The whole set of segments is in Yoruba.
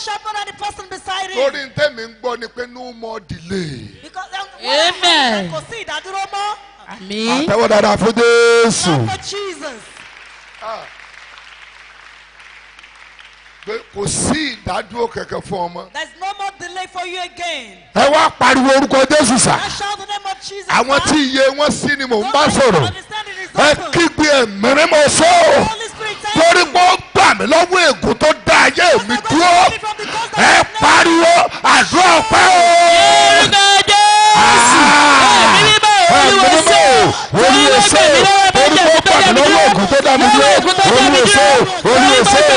shop not the person beside him. lórí ntẹ́mi ń gbọ́ ni pé no more delay. because amen. Ah. kò sí ìdádúró mọ́. àmín. àtẹwọ́ dáadáa fún Jésù. for Jesus. kò sí ìdádúró kẹ̀kẹ́ fún ọmọ. there is no more delay for you again. ẹ wá pariwo orúkọ Jésù sá. I shout the name of Jesus. àwọn tí iye wọn sí ni mò ń bá sọ̀rọ̀. ẹ kígbe ẹ̀mẹ́rẹ́mọ̀ sọ́ọ̀. torí pé mi lọ́wọ́ ègún tó dá ayé mi dúró ẹ pariwo àdúrà ọ̀pẹ́ o. ẹ̀rù náà jẹ́ èsì ah, ẹ̀mí mímọ́ olúwa ṣe olúwa ṣe. orúkọ pàtó lọ́wọ́ ògùn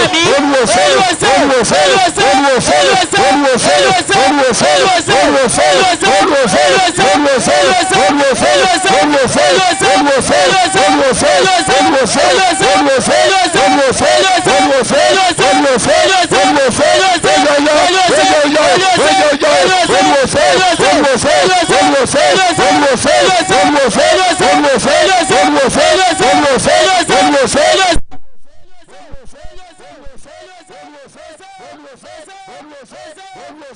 ¡El dá olùwòsàn olùwòsàn olùwòsàn. Vamos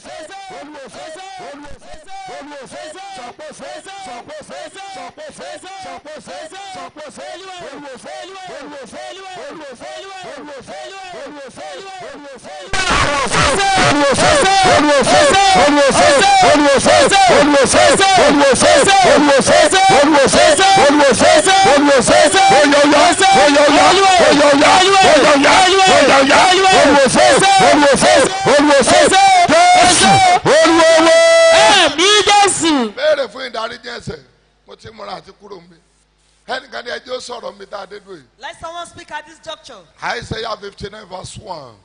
a ṣe jésù olúwo. ẹ̀mí jésù. béèrè fún ìdáríjì ẹ̀ṣẹ̀ mo ti múra àti kúrò mi ẹnìkan ní ẹjọ́ sọ̀rọ̀ mi tá dùn let someone speak at this juncture. Isaiah fifty nine verse one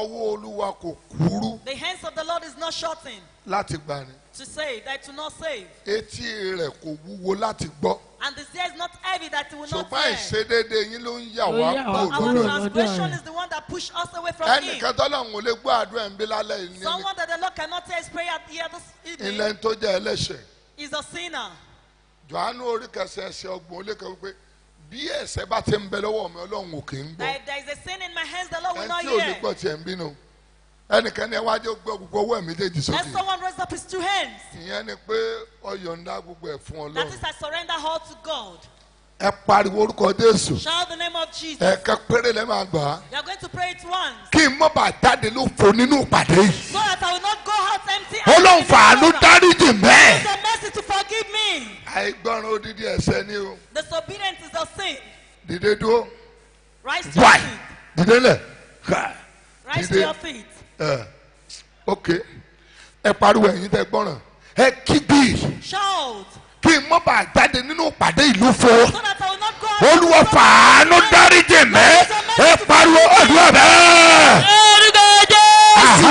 ọwọ́ olúwa kò kúrú. the hands of the Lord is not shorting láti gbani. to save that to not save. etí rẹ̀ kò wúwo láti gbọ́. and the sea is not heavy that it will not tear. ṣùgbọ́n ìṣedéédé yín ló ń yà wá kúrò lọ́dọ̀. our transgression is the one that push us away from him. ẹnìkan tọ́lọ́run ò lè gbọ́ àdúrà ń bí lálẹ́ yìí ní. someone that the Lord cannot hear his prayer here this evening. ilẹ̀ ń tó jẹ́ ẹlẹ́ṣẹ̀. is a sinner. Jòhánù orí kẹsàn-án ọgbọ̀n ó lé kan wípé bí ẹ̀ṣẹ̀ bá ti ń bẹ lọ́wọ́ mi Ọlọ́run ò kì í gbọ́. if there is a sin in my hands the Lord will not hear. ẹni tí ò ní gbọ́ tiẹ̀ ń bínú ẹnìkan ní ẹwájú gbọ́ gbogbo ọwọ́ ẹ̀mí lè di sókè. and someone raised up his two hands. ìyẹn ni pé ó yọ̀ǹda gbogbo ẹ̀ fún Ọlọ́run. that is I surrender all to God. ẹ pariwo orúkọ Jésù. shout the name of Jesus. péré lẹ́ máa gbà á. you are going to pray it once. kí n mọ́ bá jáde ló fò nínú ìpàdé yìí. so that I will not go out empty. Ọlọ́run fàánú dáríjì mẹ́ẹ̀. it is a to forgive àìgbọràn odidi ẹ̀ṣẹ̀ ni o. disobedience is a sin. dìde dúró. rise to your feet. dìde lẹ̀. rise to your feet. Uh, ok ẹ pariwo ẹ̀yin tẹ́ gbọràn ẹ kígbe. shout. kí n mọ́ bá jáde nínú ìpàdé ìlú fo. olúwa fàánú dáríjì mẹ́ ẹ pariwo olúwa bẹ́ẹ̀.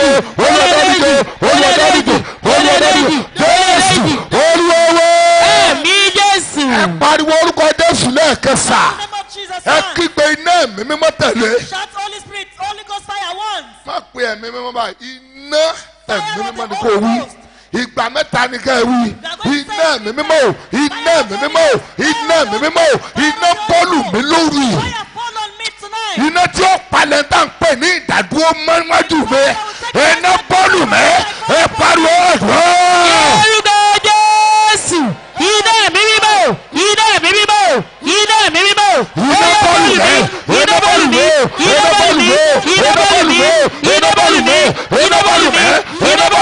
dìde olúwa dìde olúwa dìde olúwa dìde jésù olúwa ẹ̀mí jésù. ẹ pariwo orúkọ jésù lẹ́ẹ̀kẹsà ẹ kígbe iná ẹ̀mí mímọ́ tẹ̀lé. shout holy spirit holy ghost fire once. má pe ẹ̀mí mímọ́ báyìí iná ẹ̀mí mímọ́ ni kò wí ìgbà mẹ́ta ni ká wí iná ẹ̀mí mímọ́ iná ẹ̀mí mímọ́ iná ẹ̀mí mímọ́ iná bọ́ọ̀lù mi lórí iná tí ó palẹ̀ ń tàn pé ní ìdádúró mọ́wájú mi iná bọ́ọ̀lù mi ẹ pariwo ẹ̀rọ. orúkọ jésù iná mi bíbò iná mi bíbò iná mi bíbò iná bọ́ọ̀lù mi iná bọ́ọ̀lù mi iná bọ́ọ̀lù mi iná bọ́ọ̀lù mi iná bọ́ọ̀lù mi iná bọ́ọ̀lù mi iná bọ́ọ̀lù mi.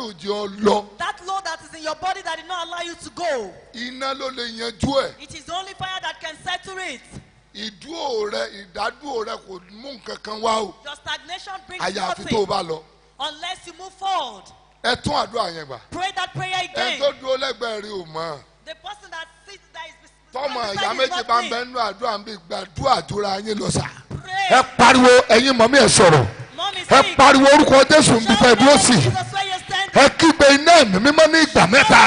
ò jẹ́ ọ lọ. that law that is in your body that did not allow you to go. iná ló lè yanjú ẹ̀. it is only fire that can settle it. ìdúró rẹ ìdádúró rẹ kò mú nǹkan kan wá o. your stagnation brings nothing. àyàfi tó o bá lọ. unless you move forward. ẹ tún àdúrà yẹn gbà. pray that prayer again. ẹ tó dúró lẹ́gbẹ̀ẹ́ rí o mọ̀. the person that sits there is. tọmọ ìyá méjì bá ń bẹ nínú àdúrà ń bí gbàdúrà tó yín lọ sà. ẹ pariwo ẹ̀yin mọ̀ mi ẹ̀ sọ̀rọ̀ ẹ pariwo orúkọ Jésù ń dúpẹ́ dúró sí ẹ kígbe iná ẹ̀mí mímọ́ ní ìgbà mẹ́ta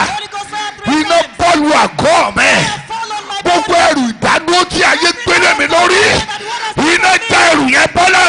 iná bọ́ọ̀lù àgọ́ mẹ́ gbogbo ẹrù ìdádúró tí ayé gbélé mi lórí iná já ẹrù yẹn bọ́lá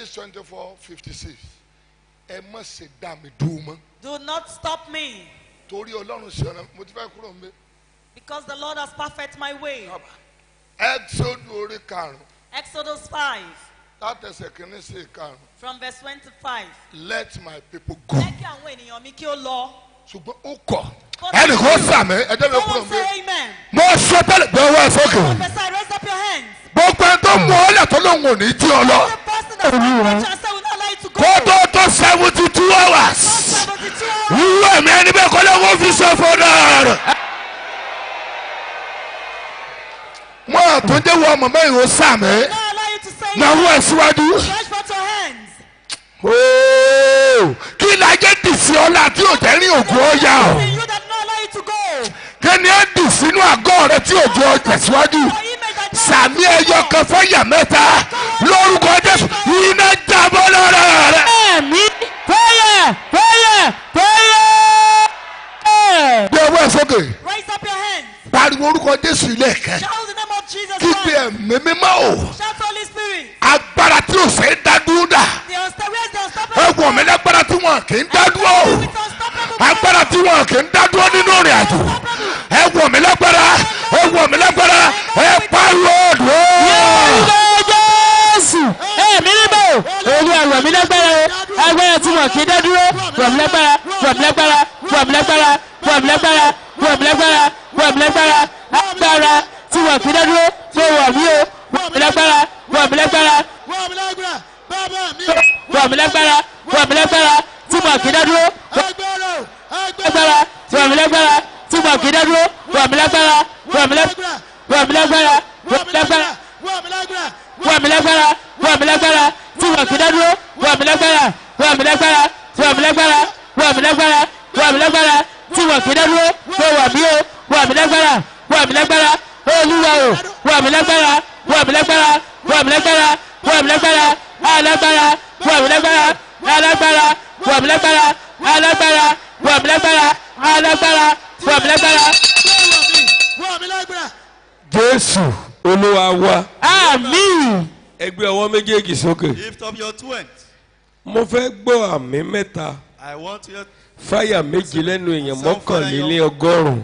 Genesis twenty four fifty six ẹ má ṣe dá mi dúró mọ́. do not stop me. torí ọlọ́run ṣe ọ̀nà mo ti fẹ́ kúrò níbẹ̀. because the Lord has perfect my way. Exodus orí karùn-ún. Exodus five. láti ẹsẹ̀ kìíní sí karùn-ún. from verse twenty-five. let my people go. jẹ́ àwọn ènìyàn mi kí ó lọ ṣùgbọ́n ó kọ̀ ẹnì kan sàmì ẹjẹ mi kúrò mi mo sọ bẹ́ẹ̀ bẹ́ẹ̀ wá sókè gbogbo ẹni tó mú ọlẹ tó ló ń wò ní tí ọ lọ kó tó tó seventy two hours wúwo ẹ̀mí ẹni bẹ́ẹ̀ kọ́lé wọ́n fi ṣe fún náírà. wọ́n àtúndéwọ̀ ọmọ mẹ́rin ó sàmì náà wọ́n ẹ̀ síwájú. Oh, kí ni ajé dì sí ọlá tí ò jẹ́ rí ògùn ọ̀yà o kí ni ẹ dì sínú àgọ́ rẹ tí ògùn ọ̀yà síwájú sàmì ẹyọ kan fẹ́yà mẹ́ta lórúkọ Jésù iná jábọ́ lọ́rọ̀ rẹ. ẹ̀mí fẹ́yà fẹ́yà fẹ́yà. gbé ọwọ́ ẹ sókè. raise up your hand pariwo orúkọ jésù lẹ́ẹ̀kan kígbe ẹ̀mí mímọ́ o agbára tí o ṣe é dádúró dà ẹ̀wọ̀n mi lágbára tí wọn kì í dádúró agbára tí wọn kì í dádúró nínú ìrìn àjò ẹ̀wọ̀n mi lágbára ẹ̀wọ̀n mi lágbára ẹ̀ pariwo dùn. jésù ẹ̀mí mímọ́ òun ẹ̀wọ̀n mi lágbára agbára tí wọn kì í dádúró rọ̀ mi lágbára rọ̀ mi lágbára rọ̀ mi lágbára rọ̀ mi lágbára wọ́n mi lágbára wọ́n mi lágbára agbára tí wọ́n fi dádúró tó wọ̀ mí o wọ́n mi lágbára wọ́n mi lágbára wọ́n mi lágbára bàbá mi wọ́n mi lágbára wọ́n mi lágbára tí wọ́n fi dádúró agbára tí wọ́n mi lágbára tí wọ́n fi dádúró wọ́n mi lágbára wọ́n mi lágbára wọ́n mi lágbára wọ́n mi lágbára wọ́n mi lágbára wọ́n mi lágbára wọ́n mi lágbára tí wọ́n fi dádúró wọ́n mi lágbára wọ́n mi lágbára wọ́n mi lágbára wọ́n mi lágbára wọ́n mi lágbára tí wọ́n fi dánúró pé wà mí o wà mí lágbára wà mí lágbára olúwa o wà mí lágbára wà mí lágbára wà mí lágbára wà mí lágbára alágbára wà mí lágbára alágbára wà mí lágbára alágbára wà mí lágbára alágbára wà mí lágbára. Jésù olúwa wa. Àmín. Ẹ ọwọ́ méjèèjì sókè. Lift up your twins. Mo fẹ́ gbọ́ àmì mẹ́ta. I want your fáyà méje lẹ́nu èèyàn mọ́kànlélẹ́ ọgọ́rùn-ún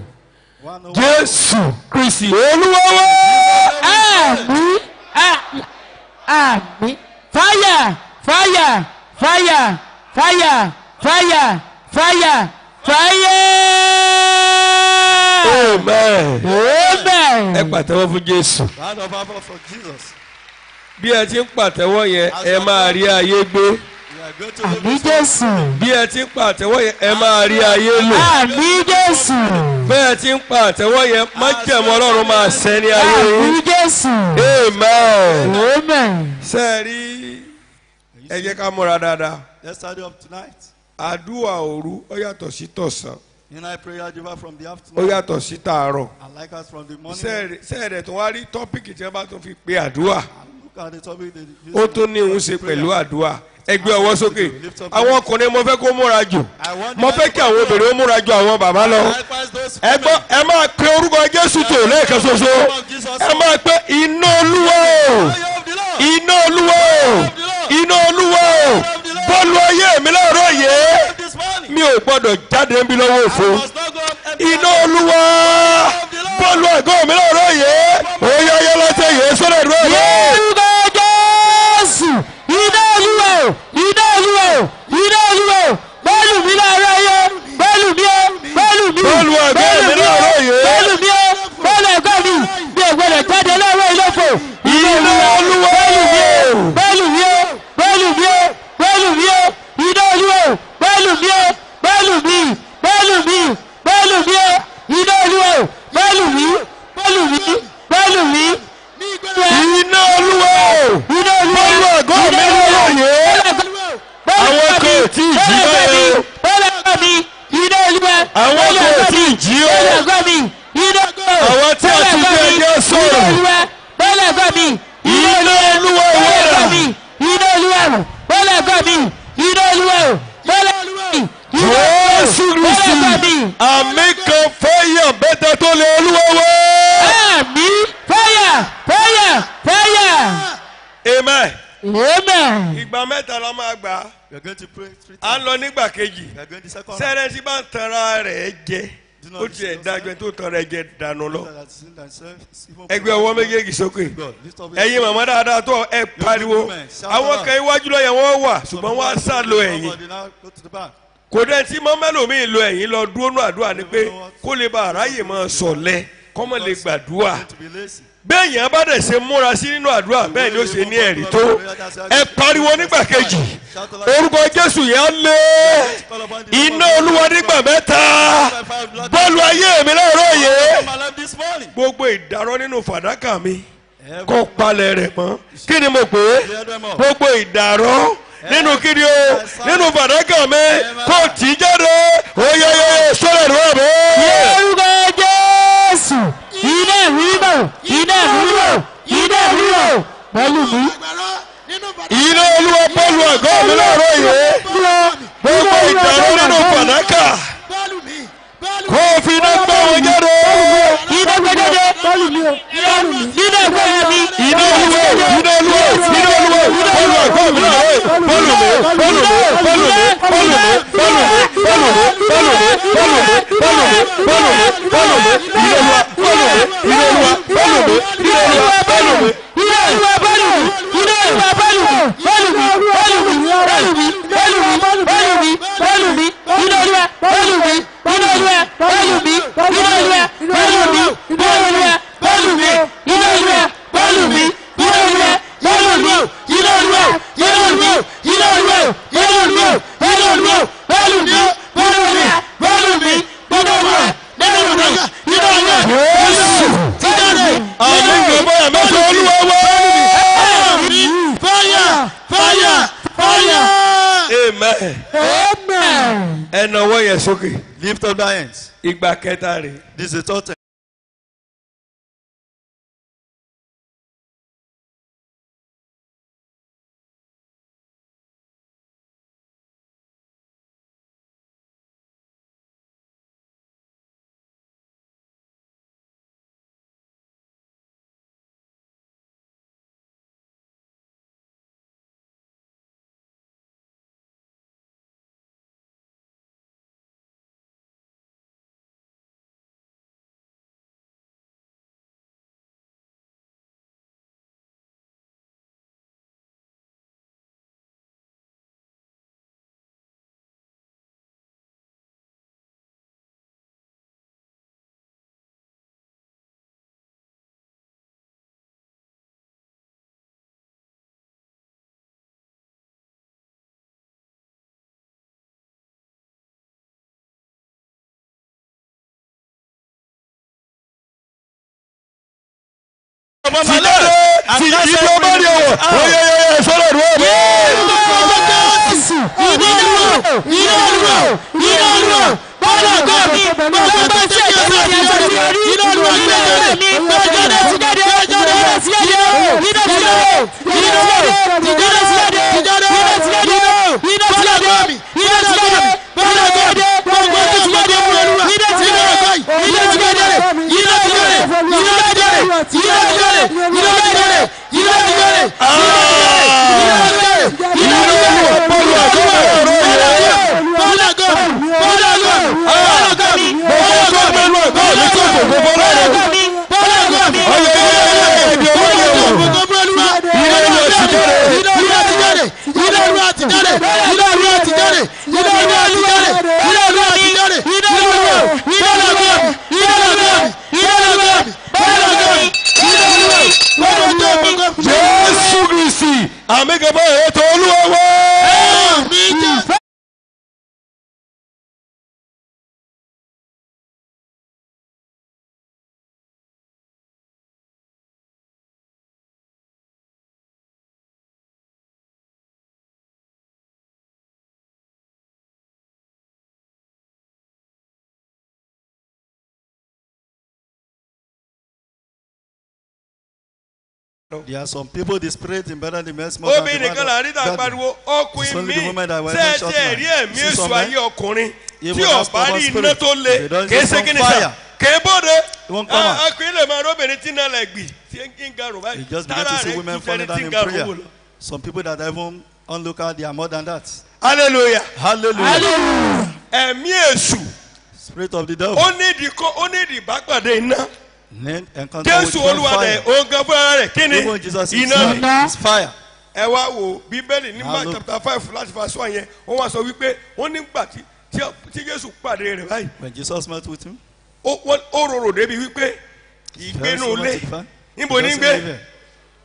jésù kristi olúwa wa àmín àmín fáyà fáyà fáyà fáyà fáyà fáyà fáyà. amen amen. ẹ pàtẹ́wọ́ fún jésù. bí ẹ ti ń pàtẹ́wọ́ yẹn ẹ máa rí ayé gbé àmì jésù. bí ẹ ti ń pa àtẹ́wọ́ yẹn ẹ máa rí ayé lò. àmì jésù. bí ẹ ti ń pa àtẹ́wọ́ yẹn májẹ̀mú ọlọ́run máa ṣẹ ní ayé yín. àmì jésù. amen. amen. ṣé ẹ rí ẹ jẹ́ ká múra dáadáa. let's start up tonight. àdúrà òru ó yàtọ̀ sí tọ̀sán. Midnight prayer deliver from the afternoon. Ó yàtọ̀ sí tàárọ̀. I like us from the morning. Sẹ́ẹ̀dẹ̀ tó wá rí tọ́pìkì tí wọ́n bá tún fi pe àdúrà. Ó tún ní òun ṣe pẹ̀lú àdúrà ẹ gbé ọwọ́ sókè àwọn ọkùnrin mo fẹ́ kó múra jù mo fẹ́ kí àwọn obìnrin ó múra jù àwọn bàbá lọ ẹ gbọ́ ẹ máa pe orúkọ Jésù tó lẹ́ẹ̀kan ṣoṣo ẹ máa pe iná Olúwa o iná Olúwa o iná Olúwa o bọ́ọ̀lù ayé mi lọ́rọ̀ yé mi ò gbọ́dọ̀ jáde níbi lọ́wọ́ òfo iná Olúwa bọ́ọ̀lù àgọ́ mi lọ́rọ̀ yé ó yá yá lọ́tẹ̀ yé sọ́dọ̀ ìdúró yé. bẹ́ẹ̀lù mi bẹ́ẹ̀lù mi bẹ́ẹ̀lù mi iná olúwa o bẹ́ẹ̀lù mi bẹ́ẹ̀lù mi bẹ́ẹ̀lù mi iná olúwa o iná olúwa o bọ́ọ̀lù mi olúwa yẹ àwọn kò tí ì jí báyọ̀ bọ́ọ̀lù ẹ̀kọ́ mi iná olúwa àwọn kò tí ì jí o bọ́ọ̀lù ẹ̀kọ́ mi iná olúwa àwọn tí a ti gbé ẹjọ́ sọ̀rọ̀. à ń lọ nígbà kejì sẹ́rẹ́sì bá ń tanra rẹ̀ jẹ ó tiẹ̀ dájọ́ tó tanra jẹ dànù lọ ẹgbẹ́ ọwọ́ méjèèjì sókè ẹ̀yin màmá dáadáa tó ẹ pariwo àwọn kan iwájú lọ́yẹ̀ wọ́n wà ṣùgbọ́n wọ́n á sá lọ ẹ̀yìn kò dẹ́ tí mọ́mẹ́lòmíì lọ ẹ̀yìn lọ dúró nù àdúrà ni pé kó lè bá aráyè máa sọ̀lẹ́ kọ́mọ béèyàn bá dẹ̀ ṣe múra sí nínú àdúrà bẹ́ẹ̀ ni ṣe ní ẹ̀rí tó ẹ pariwo nígbà kejì orúkọ jésù yẹn lé iná olúwa nígbà mẹ́ta bọ́ọ̀lù ayé mi lọ́rọ̀ yé gbogbo ìdárọ́ nínú fàdákà mi kó palẹ̀ rẹ̀ mọ́ kí ni mo pè é gbogbo ìdárọ́ nínú kiri o nínú fàdákà mi kó tì jáde ó yẹ yẹ sọ́lẹ̀ rẹ̀ mọ́ iná rírọ̀ iná rírọ̀ pẹ̀lú mi. iná olúwa bọ́ọ̀lù àgọ́ mi láàárọ̀ yìí gbogbo ìdàrú nínú fàdákà kó o fi iná gbọ́ wọn jáde iná gbọ́ sọ́ọ̀lù mi o sọ́ọ̀lù mi. nínú ìwé mi. ìdí olúwo ìdí olúwo ìdí olúwo bọ́ọ̀lù bọ́ọ̀lù mi bọ́ọ̀lù mi bọ́ọ̀lù mi bọ́ọ̀lù mi bọ́ọ̀lù mi bọ́ọ̀lù mi bọ́ọ̀lù mi bọ́ọ̀lù mi bọ́ọ̀lù mi bọ́ọ̀lù mi bọ́ọ̀lù mi bọ́ọ̀lù mi ìdí olúwa bọ́ọ̀lù mi ìdí olúwa bọ́ọ̀lù mi ìdí olúwa bọ́ọ̀lù mi olúwa bọ́ọ̀lù mi iná olúwa bọ́ọ̀lù mi bọ́ọ̀lù mi bọ́ọ̀lù mi bọ́ọ̀lù mi bọ́ọ̀lù mi bọ́ọ̀lù mi iná olúwa bọ́ọ̀lù mi iná olúwa bọ́ọ̀lù mi iná olúwa bọ́ọ̀lù mi iná olúwa bọ́ọ̀lù mi iná olúwa bọ́ọ̀lù mi iná olúwa bọ́ọ̀lù mi iná olúwa bọ́ọ̀lù mi iná olúwa bọ́ọ̀lù mi iná olúwa bọ́ọ̀lù mi bọ́ọ̀lù mi bọ́ọ̀lù mi bọ́ọ̀lù mi bọ́ọ̀lù mi iná olúwa iná olúwa iná olúwa iná olúwa àmín ìgbàgbọ́yà mẹ́ta olúwa amen. amen. ẹ nawọ́ yẹn sókè. lift up thy hands. ìgbà kẹta rè. this is the third Today, the Igbo body over. Oh yeah, yeah, yeah. Follow the road. Yeah ilé ìlú àtijáde ilé ìlú àtijáde ilé ìlú àtijáde ilé. Jésù Kristi àmì gẹ̀bọ́ ètò Olúwa wá. There are some people the spirit in better the mess than the man. Obìnrin kan láàrin tá a pariwo ọkùnrin mi ṣe ṣe rí ẹ̀mí èso ayé ọkùnrin tí ọ̀bá rí iná tó le kìí ṣe kí ni sà kìí bóde ah, ọkùnrin lè máa róbìnrin tí náà lè gbì tí ń ga rò báyìí tára rẹ̀ kú sẹ́ni tí ń ga rò Some people that even local, they are more than that. Hallelujah. Hallelujah. Ẹ̀mí èso. Spirit of the devil. Ó ní ìdí kó ó ní ìdí ìbápàdé iná jésù olúwa rẹ̀ oògùn fúnra rẹ̀ kí ni iná ni ẹ wá wo bíbélì ní mark chapter five láti fa sọ yẹn wọ́n wá sọ wípé wọ́n nígbà tí jésù pàdé rẹ̀ báyìí. when jesus met with him. ó rorò débi wípé ìgbénu lé níbo ní gbé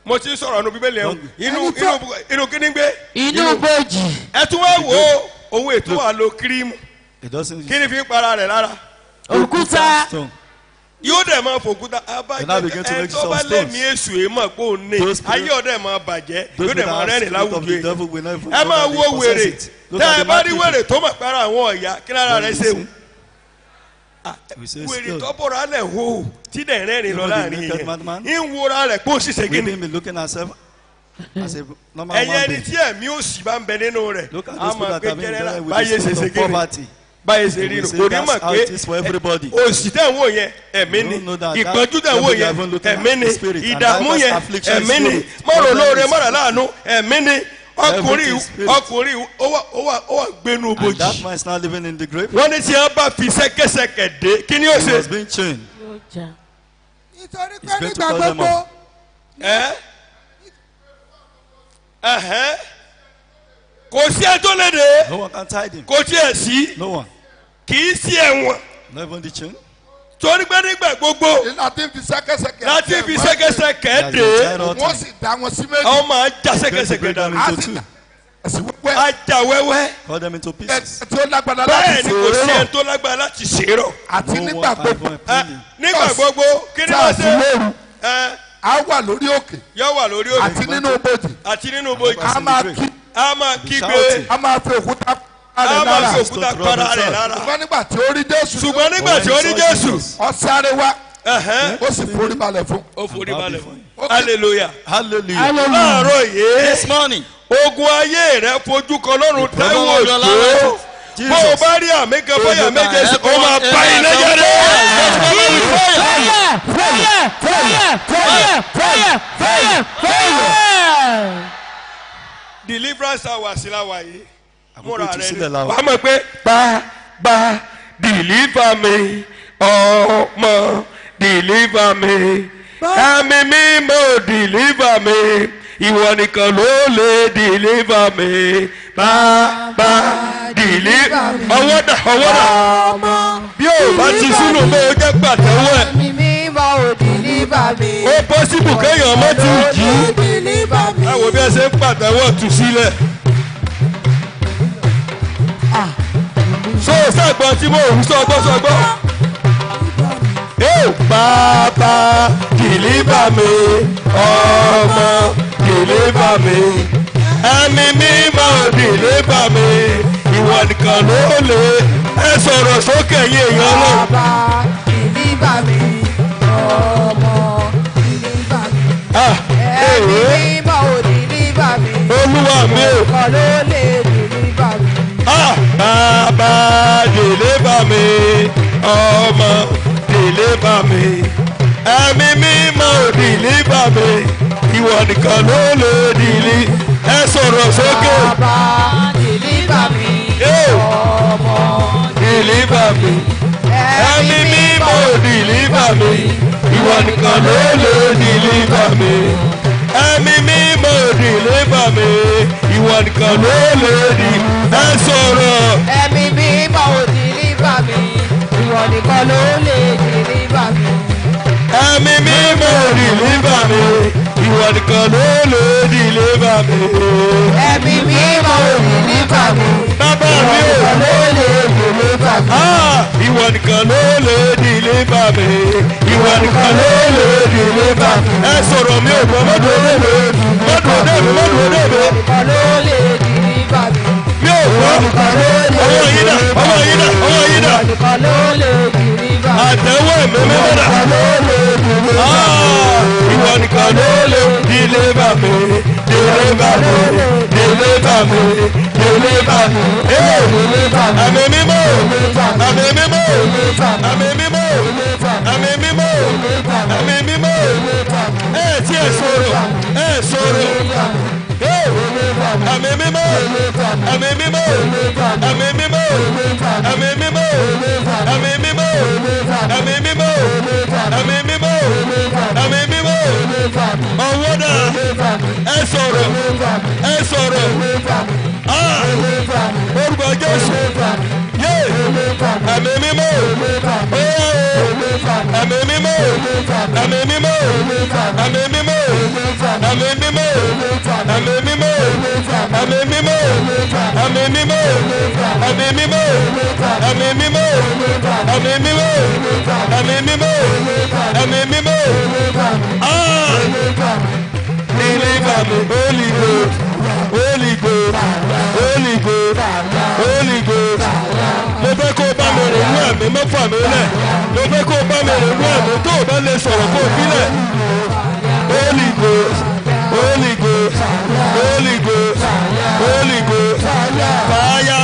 mo ti sọ̀rọ̀ nù bíbélì ẹ̀ inú inú kí ni gbé. inú bòjì. ẹ tún wá wo owó ètò àlò kírímù kí ni fi ń para rẹ̀ lára. òkúta yóò dẹ̀ máa fòkúta abájẹ ẹ tó bá lẹ́mí èṣù yìí mọ̀ pé òun ní ayé ọ̀dẹ̀ máa bàjẹ́ yóò dẹ̀ máa rẹ́rìn láwùjọ yìí ẹ máa wo wèrè tẹ́ ẹ bá rí wèrè tó mọ̀ pẹ́rọ àwọn ọ̀yà kí lára rẹ̀ ṣe wù. Ah, wèrè tó bọ̀rọ̀ alẹ̀ hó tí dẹ̀ rẹ́rìn lọ láàrin yẹn ń wora rẹ̀ pé ó sì ṣe kíni ẹ̀yẹ́ni tí ẹ̀mí òṣì bá ń bẹ nínú rẹ̀ á máa gbé jẹ́rẹ́ báyìí ṣe rí kò ní mọ̀ pé eh, òṣì tẹ̀ ń wò yẹn ẹ̀mí ni ìpọ́njú tẹ̀ ń wò yẹn ẹ̀mí ni ìdààmú yẹn ẹ̀mí ni mọ̀rọ̀ lóore mọ̀rọ̀ láàánú ẹ̀mí ni ọkùnrin ọkùnrin ó wà ó wà ó wà gbénu bojì wọ́n ní tí wọ́n bá fi ṣẹ́kẹ́ṣẹkẹ̀ dé kí ni ó ṣe. nítorí pé nígbà gbogbo kò sí ẹ tó lè dé. no one can tie him. kò tiẹ̀ sí. no one. kì í sí ẹ̀wọ̀n. not even the chain. torí pé nígbà gbogbo. láti fi ṣẹ́kẹ́ṣẹkẹ̀. láti fi ṣẹ́kẹ́ṣẹkẹ̀ dé. wọ́n sì dá wọn sí méjì. àwọn máa ń já ṣẹ́kẹ́ṣẹkẹ̀ dànù. a sì dà ẹ̀sìnwẹ́wẹ́. ajá wẹ́wẹ́. call them into pieces. ẹ tí ó lágbára láti ṣèrò. bẹ́ẹ̀ ni kò sí ẹ tó lágbára láti ṣèrò. àti nígbà gbogbo. nígbà gbogbo kí ni wọ́n ṣe. a wà lórí òkè. yóò wà lórí òkè. àti nínú bòjì. àti nínú bòjì. a máa kí a máa kígbe a máa fi òkúta a máa fi òkúta para rẹ̀ lára ṣùgbọ́n nígbà tí ó rí jésù ṣùgbọ́n nígbà tí ó rí jésù ó sáré wá ó sì forí balẹ̀ fún. ó forí balẹ̀ fún hallelujah hallelujah láàárọ̀ yìí this morning ogun ayé rẹ fojú kan lọ́rùn táwọn òjò bó o bá rí àmì kan bóyá méje sí o máa bá iná jẹrẹ deliverance hours la wà yìí múra rẹ ni wà á mọ̀ pé gbá gbá deliver me ọmọ deliver me ẹ̀mí mímọ́ deliver me ìwọ nìkan ló lè deliver me bàbá deliver me ọwọ́ dà ọwọ́ dà bí o bá ti sínú bó o jẹ́ pàtẹ́wọ́ ẹ̀ ó pọ́sibù kéèyàn má ti jí ẹ wo bí ẹ ṣe ń pàtẹ́wọ́ tú sílẹ̀. so ah. sẹ́gbọ̀n tí mo ń sọ gbọ́ sọ gbọ́. bàbá dìlíbà mi ọmọ dìlíbà mi ẹni mímọ́ dìlíbà mi ìwọ nìkan ló lè ẹ sọ̀rọ̀ sókè yín èèyàn náà. bàbá dìlíbà mi ọmọ òwe. mímọ́ ò ní ní bàbí. olúwa mi ò. kọ́ ló lè ní ní bàbí. bàbá délé bá mi ọmọ délé bá mi ẹ̀mí mímọ́ ò ní ní bàbí ìwọ nìkan ló lè ní ní. ẹ sọ̀rọ̀ sókè. bàbá délé bá mi ọmọ délé bá mi ẹ̀mí mímọ́ ò ní ní ìwọ nìkan ló lè ní ní bàbí ẹ̀mí mímọ́ rìn lébà mi ìwọ nìkan ló lè rí ẹ sọ̀rọ̀. ẹ̀mí mímọ́ òdì lébà mi ìwọ nìkan ló lè rí lébà mi. ẹ̀mí mímọ́ rìn lébà mi. Ah, ìwọ nìkan ló lè dílé bá mi. ẹbí mi mọ òbí nípa mi. bàbá mi ò ìwọ nìkan ló lè dílé bá mi. ìwọ nìkan ló lè dílé bá mi. ìwọ nìkan ló lè dílé bá mi. ẹ sọ̀rọ̀ mi ò gbọ́ mọ́tò òdèbè mọ́tò òdèbè mọ́tò òdèbè. nìkan ló lè dílé bá mi. mi ò gbọ́ ọwọ́ yín dà ọwọ́ yín dà ọwọ́ yín dà. nìkan ló lè dílé bá mi àtẹwọ́ mímí mọ́dà. ìwọ nìkan ló lè dílé bà mí dílé bà mí dílé bà mí dílé bà mí. àmì mímọ́ àmì mímọ́ àmì mímọ́ àmì mímọ́ àmì mímọ́ ẹ̀ tí ẹ̀ sọ̀rọ̀ ẹ̀ sọ̀rọ̀ ẹ̀mí mímọ́ ẹ̀mí mímọ́ ẹ̀mí mímọ́ ẹ̀mí mímọ́ ẹ̀mí mímọ́ ẹ̀mí mímọ́ ẹ̀mí mímọ́ ẹ̀mí mímọ́ ọwọ́ náà ẹ sọ̀rọ̀ ẹ sọ̀rọ̀ orúkọ Jésù ẹ̀mí mímọ́ ẹ̀mí mímọ́ ẹ̀mí mímọ́ ẹ̀mí mímọ́ ẹ̀mí mímọ́ ẹ̀mí mímọ́ ẹ̀mí mímọ́ ẹ̀mí mímọ́ ẹ̀mí mímọ́ ẹ̀mí mímọ́ ẹ̀mí mímọ́ ẹ̀mí mímọ́ ẹ̀mí mímọ́ ah! Deliver me, Holy Ghost. Holy Ghost Holy Ghost Holy Ghost mo fẹ́ kó o bá mi rìn wú ẹ̀mí mẹ́fà mi lẹ̀ mo fẹ́ kó o bá mi rìn wú ẹ̀mí tó o bá lè sọ̀rọ̀ kó o lẹ̀ Holy Ghost Holy Ghost Holy Ghost Holy Ghost fire.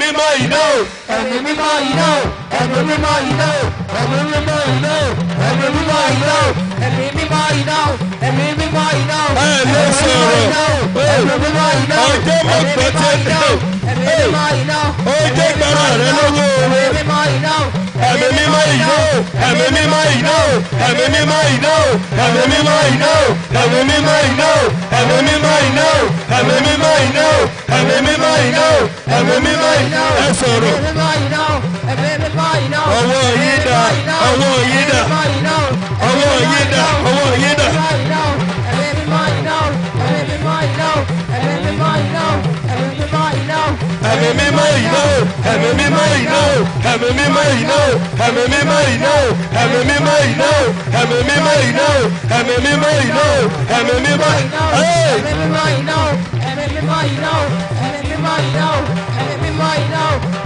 mímọ́ iná o ẹ̀mí mímọ́ iná o ẹ̀mí mímọ́ iná o ẹ̀mí mímọ́ iná o ẹ̀mí mímọ́ iná o ẹ̀mí mímọ́ iná o ẹ̀mí mímọ́ iná o ẹ̀mí mímọ́ iná o ẹ̀mí mímọ́ iná o ọjọ́ mọ̀ gbọ́tẹ́ iná o ẹ̀mí mímọ́ iná o ọjọ́ gbọ́ra rẹ lọ́wọ́ o ẹ̀mí mímọ́ iná o ẹ̀mí mímọ́ iná o ẹ̀mí mímọ́ iná o ẹ̀mí mímọ́ iná o ẹ̀mí mímọ́ iná o ẹ̀mí mímọ́ iná o ẹ̀mí mímọ́ iná o ẹ̀mí mímọ́ iná o ẹ̀mí mímọ́ iná o ẹ̀mí mímọ́ iná o ẹ sọ̀rọ̀. ọwọ́ yídà ọwọ́ yídà ọwọ́ yídà ọwọ́ yídà. ẹ̀mí me, iná o ẹ̀mí me, iná o Have me, iná o ẹ̀mí mímọ́ iná o ẹ̀mí mímọ́ iná o ẹ̀mí me, iná o ẹ̀mí me, iná o Have me, iná o ẹ̀mí mímọ́ iná o ẹ̀mí mímọ́ iná o ẹ̀mí me, iná o ẹ̀mí me, iná o.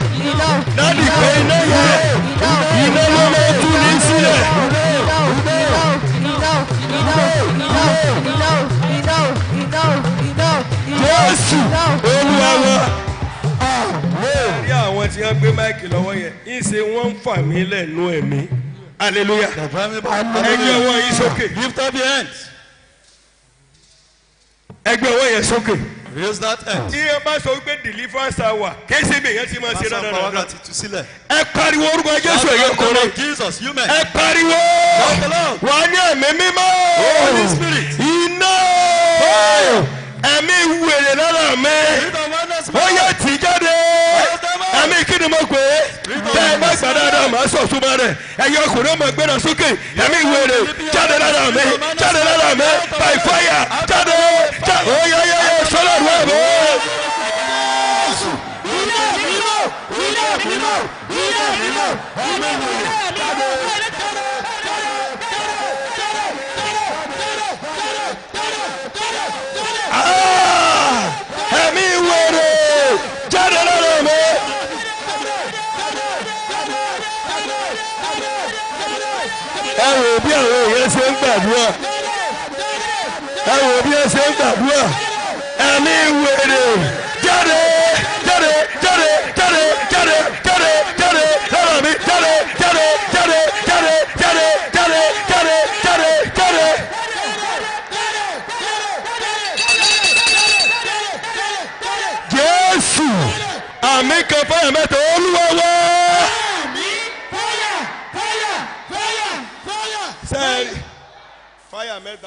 dádì pé iná yẹn iná ló ló tú ní sílẹ̀. Jésù Olúwa wa. Ní àwọn tí wọ́n gbé máìkì lọ́wọ́ yẹn, ìṣe wọ́n ń fà mí lẹ́nu ẹ̀mí. Hallelujah. Ẹgbẹ́ ọwọ́ yìí sókè. Lift up your hands. Ẹgbẹ́ ọwọ́ yẹn sókè raise that end. tí ẹ bá sọ wípé deliverance hour kéésì mi yẹn ti máa ṣe rárá rárá. ẹ pariwo orúkọ jésù èyí kọrin ẹ pariwo wà ní ẹ̀mí mímọ́ iná ẹ̀mí wèrè lára mi ó yẹ tì jáde ẹ̀mí kí ni mo pè é tẹ́ ẹ bá gbà dáadáa màá sọ súnmọ́ rẹ̀ ẹ̀yẹ ọkùnrin ọmọ gbéra sókè ẹ̀mí wèrè jáde lára mi jáde lára mi by fire jáde ó yẹ yẹ yẹ sọ́lá ìlú ẹ̀bọ́. Ilé ìbímọ! Ilé ìbímọ! Ilé ìbímọ! Ilé ìbímọ! Ah! ẹ̀mí wèrè jáde lọ́rọ̀ mi. ẹ wò bí àwọn èèyàn ṣe ń gbàdúrà ẹ wò bí ẹ ṣe ń gbàdúrà ẹ̀mí wèrè jáde jáde jáde.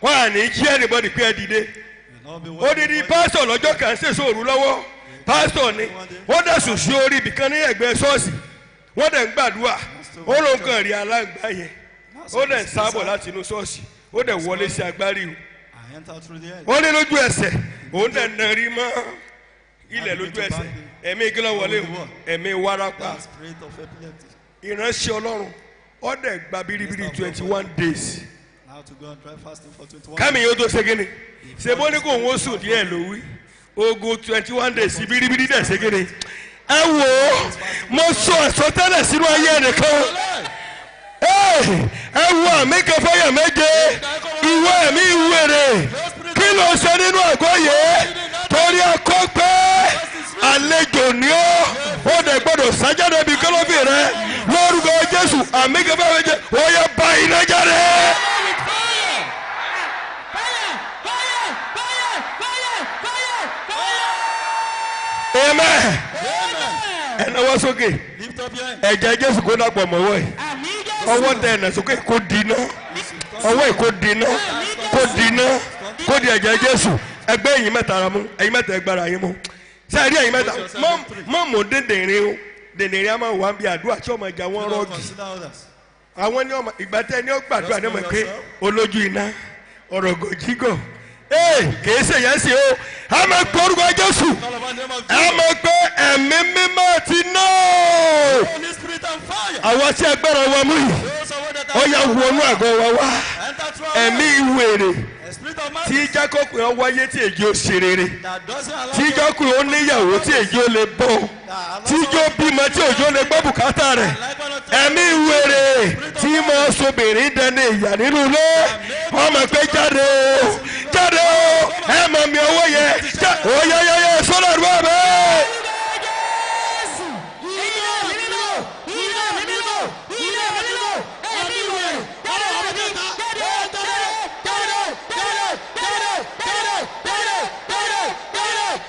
kọ́ àní kí ẹnìbọ̀dì pé ẹ dìde odidi pásítọ̀ lọ́jọ́ kan ṣèṣò òru lọ́wọ́ pásítọ̀ ni wọ́n dẹ̀ sùn sí orí ibìkan ní ẹ̀gbẹ́ ṣọ́ọ̀ṣì wọ́n dẹ̀ ń gbàdúrà ó ló ń kàn rí aláǹgbá yẹn ó dẹ̀ ń sábọ̀ láti inú ṣọ́ọ̀ṣì ó dẹ̀ wọlé sí agbárí o ó ní lójú ẹsẹ̀ òun dẹ̀ nà rí mọ́ ilẹ̀ lójú ẹsẹ̀ ẹ̀mí gílọ̀ wọlé o ẹ̀mí wárápá ìránṣẹ́ ọlọ́run ó dẹ̀ gba bíríbírí twenty one days kámi yóò tó ségene sebo ní kò ń wosùn díẹ̀ lówí ogun twenty one days ibiribiri dẹ̀ ségene ẹ wò ó mo sọ àsọtẹ́lẹ̀ sínú ayé ẹnìkan ẹ wò àmì kẹfẹ́yà méje ìwé ẹ̀mí ìwúrẹ́ kí ló ṣe nínú àgọ́ yẹ torí ẹ̀kọ́ pé àlejò ni ó ó dẹ̀ gbọ́dọ̀ sájáde bíi kọ́lọ́fì rẹ lórúkọ Jésù àmì kẹfẹ́yà méje ó yẹ bá iná jáde. amen ẹnà wá sókè ẹ̀jẹ̀ jésù kó dàpọ̀ mọ́wọ́ yìí ọwọ́ tẹ ẹ̀nà sókè kó dínà ọwọ́ yìí kó kó kó di ẹ̀jẹ̀ jésù ẹgbẹ́ ẹ̀yìn mẹ́ta ara mú ẹ̀yìn mẹ́ta ẹgbàrá yín mú sẹ́ẹ̀rí ẹ̀yìn mẹ́ta mọ́ mọ́ dèdèrè o a máa wà bí àdúrà tí ọmọ wọn rọ́ọ̀gì àwọn ìgbà tẹ ní ó gbàdúrà ní ọmọ ee kìí ṣe o ha máa gbọ́ orúkọ Jésù ha máa gbọ́ ẹ̀mí ti náà àwọn tí agbára wa mú yìí wa tí jẹ́ kó pé ọ wáyé tí èyí ó ṣe rere tí jẹ́ kó ó níyàwó tí èyí ó lè bọ́ tí jẹ́ bímọ tí òjò lè gbọ́ bùkátà rẹ̀ ẹ̀mí wèrè tí mo sobìnrin dẹni ìyà nínú ilé ọmọ pé jáde o jáde o ẹ̀ mọ̀ mi owó yẹ ó yẹ yẹ yẹ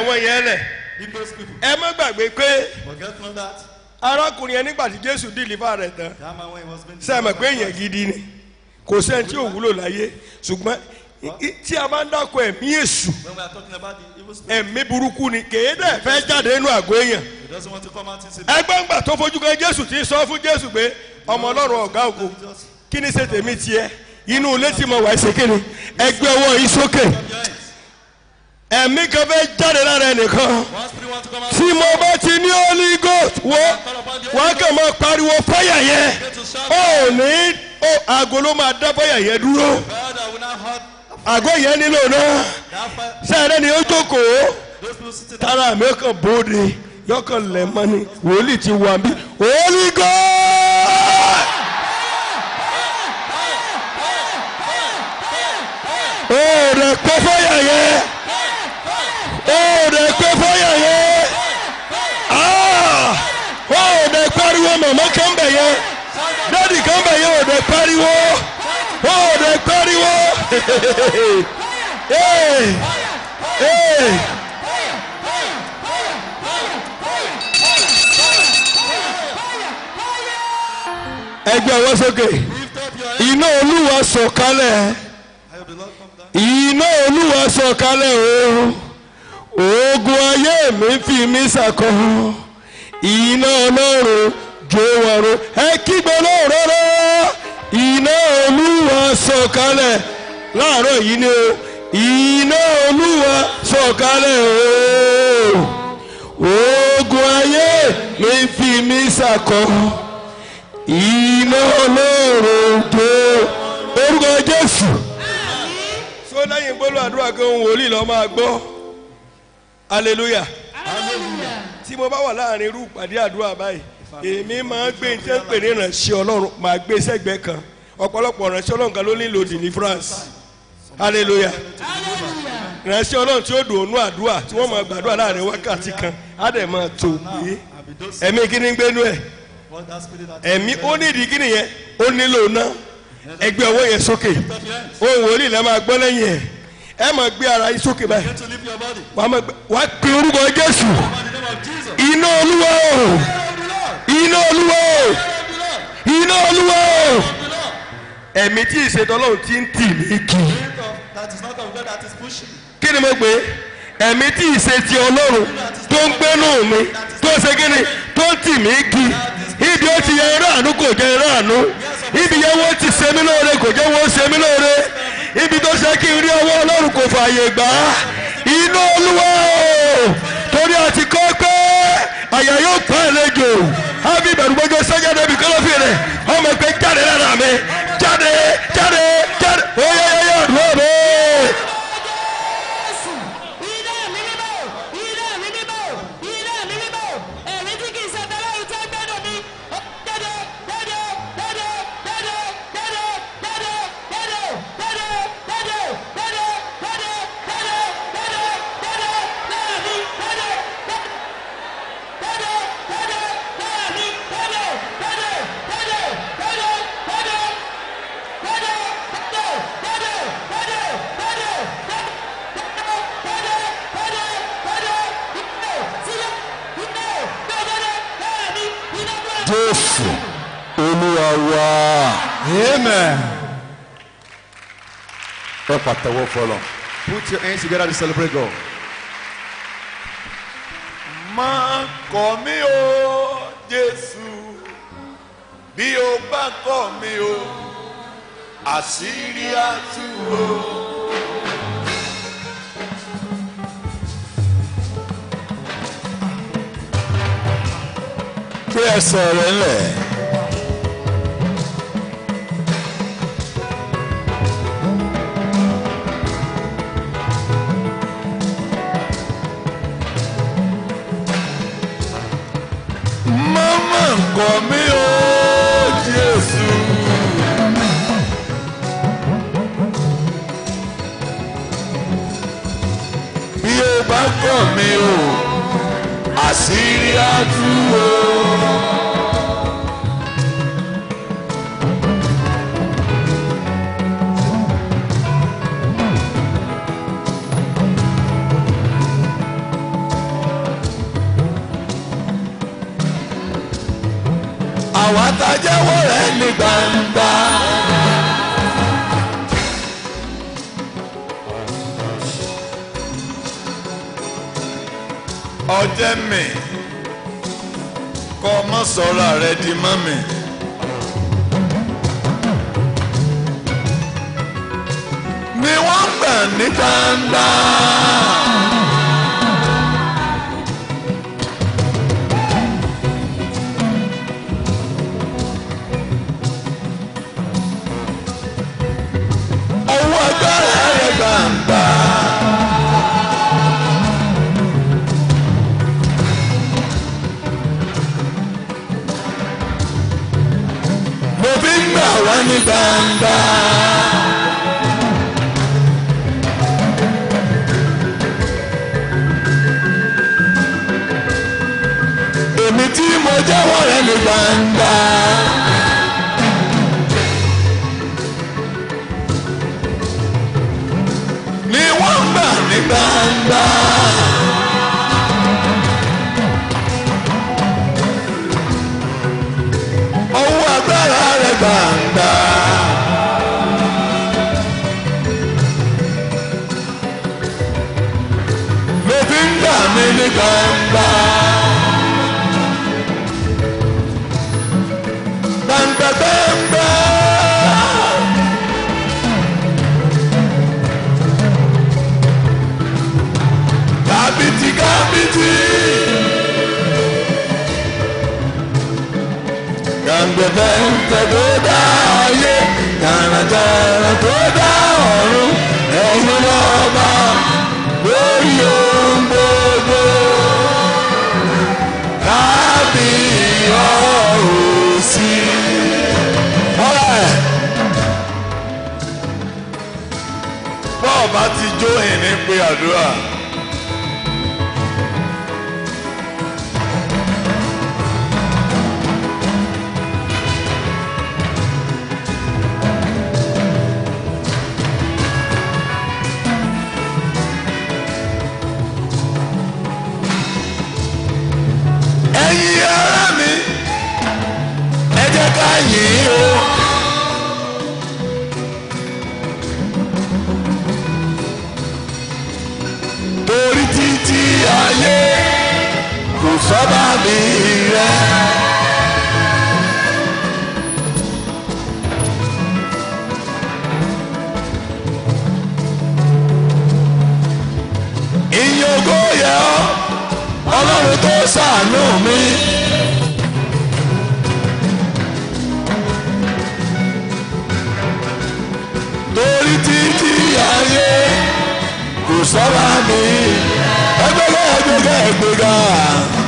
àwọn yẹn lẹ̀ ẹ má gbàgbé pé arákùnrin yẹn nígbà tí jésù dìlífà rẹ̀ tán sẹ́mi pé èèyàn gidi ni kò sẹ́ni tí ò wúlò láyé ṣùgbọ́n tí a bá ń dákọ̀ ẹ̀mí èṣù ẹ̀mí burúkú ni kéde fẹ́ jáde nínú àgọ́ èèyàn tó fojú kan jésù ti sọ fún jésù pé ọmọ ọlọ́run ọ̀gá ògo kí ni ṣe tèmi tiẹ̀ inú ilé tí mo wà ṣe kí ni ẹgbẹ́ ọwọ́ yìí sókè ẹ̀mí kan fẹ́ jáde lára ẹnìkan tí mo bá ti ní holy ghost wo wọ́n kàn máa pariwo fáyà yẹn ó ní àgọ́ ló máa dá fáyà yẹn dúró àgọ́ yẹn nílò náà sẹ́ẹ̀rẹ́ ni ó jókòó tára mi kàn bóde yọkàn lẹ̀ mọ́ ni wòlíì ti wà mí holy ghost. Oh rẹ̀ pé fáyà yẹn o dẹ̀ pé fọ́yà yẹn o dẹ̀ pariwo màmá kan bẹ̀ yẹn dádì kan bẹ̀ yẹn o dẹ̀ pariwo o dẹ̀ pariwo ẹgbẹ́ ọwọ́ sókè iná olúwa sọ̀kalẹ̀ iná olúwa sọ̀kalẹ̀ o. ogun ayé mi fi mí ṣàkọ iná ọlọ́run jó wọn ẹ kígbe lóòrọ́ rọ́ iná olúwa sọ̀kalẹ̀ láàárọ̀ yìí ni o iná olúwa sọ̀kalẹ̀ o ogun ayé mi fi mí ṣàkọ iná ọlọ́run jó orúkọ jésù. sọ lẹ́yìn gbólóhùn àdúrà kan wòlíì lọ́ọ́ máa gbọ́. hallelujah hallelujah tí mo bá wà láàrin irú ìpàdé àdúrà báyìí èmi máa ń gbé ní tẹ́ǹpẹ̀ ní ìrànṣẹ́ ọlọ́run máa gbé sẹ́gbẹ̀ẹ́ kan ọ̀pọ̀lọpọ̀ ìrànṣẹ́ ọlọ́run kan ló ní lòdì ní France hallelujah ìrànṣẹ́ ọlọ́run tí ó dùn ònú àdúrà tí wọ́n máa gbàdúrà láàrin wákàtí kan á dẹ̀ máa tò pé ẹ̀mí kí ni ń gbénú ẹ̀ ẹ̀mí ó nídìí kí nìyẹn ó nílò náà ẹgbẹ́ ọwọ́ yẹn sókè ohun wòlíì lẹ́ máa gbọ́ lẹ́yìn ẹ̀ ẹ máa gbé ara yín sókè báyìí wàá pe orúkọ Jésù iná Olúwa o iná Olúwa o iná Olúwa o ẹ̀mí tí ìṣètò Ọlọ́run ti ń tì mí kì í kí ni mo gbé ẹ̀mí tí ìṣètì Ọlọ́run tó ń gbénú mi tó ṣe kí ni tó ń tì mí kì í ibi ó ti yẹ irú àánú kò jẹ irú àánú ibi yẹ wọ́n ti ṣe mí lóore kò jẹ́ wọ́n ṣe mí lóore ibi tó ṣe kí n rí ọwọ́ ọlọ́run kò fààyè gbà á inú olúwa o torí àti kọ́ pé àyà yóò pa àlejò ábí ìbẹ̀rù gbogbo sẹ́jáde ibi kọ́lọ́fì rẹ̀ ọmọ ẹgbẹ́ jáde lára mi jáde jáde jáde ó yẹ yẹ wa. Amen. Put your hands together to celebrate God. Má kọ̀ mí o, Jésù, bí o bá kọ̀ mí o, àṣírí á Kí ẹ sọ̀rọ̀ ńlẹ̀. ọkọ̀ mi ó Jésù. bí o bá kọ̀ mi ó àṣírí á tú o. àwa ta jẹ́wọ́ rẹ̀ ní gbangba. ọjẹ́ mi kọ́ ọmọ sọ̀rọ̀ rẹ di mọ́ mi. ni wọ́n gbà ní gbangba. gbangba. èmi tí mo jẹ́wọ́ rẹ̀ ní gbangba. ni wọ́n gbà ní gbangba. ọwọ́ ní gbangba. Gbangba gbangba. Gàbìtì gàbìtì. Gbangba gbangba tó dá ayé, jàràjàrà tó dá ọ̀run, ẹ̀yin lọ́ba. bá ti jó ìní pé àdúrà. báyìí o. torí títí ayé kò sọ́ba mi rẹ̀. ìyókò yẹ ọ́ ọlọ́run tó ṣàánú mi. gbéga.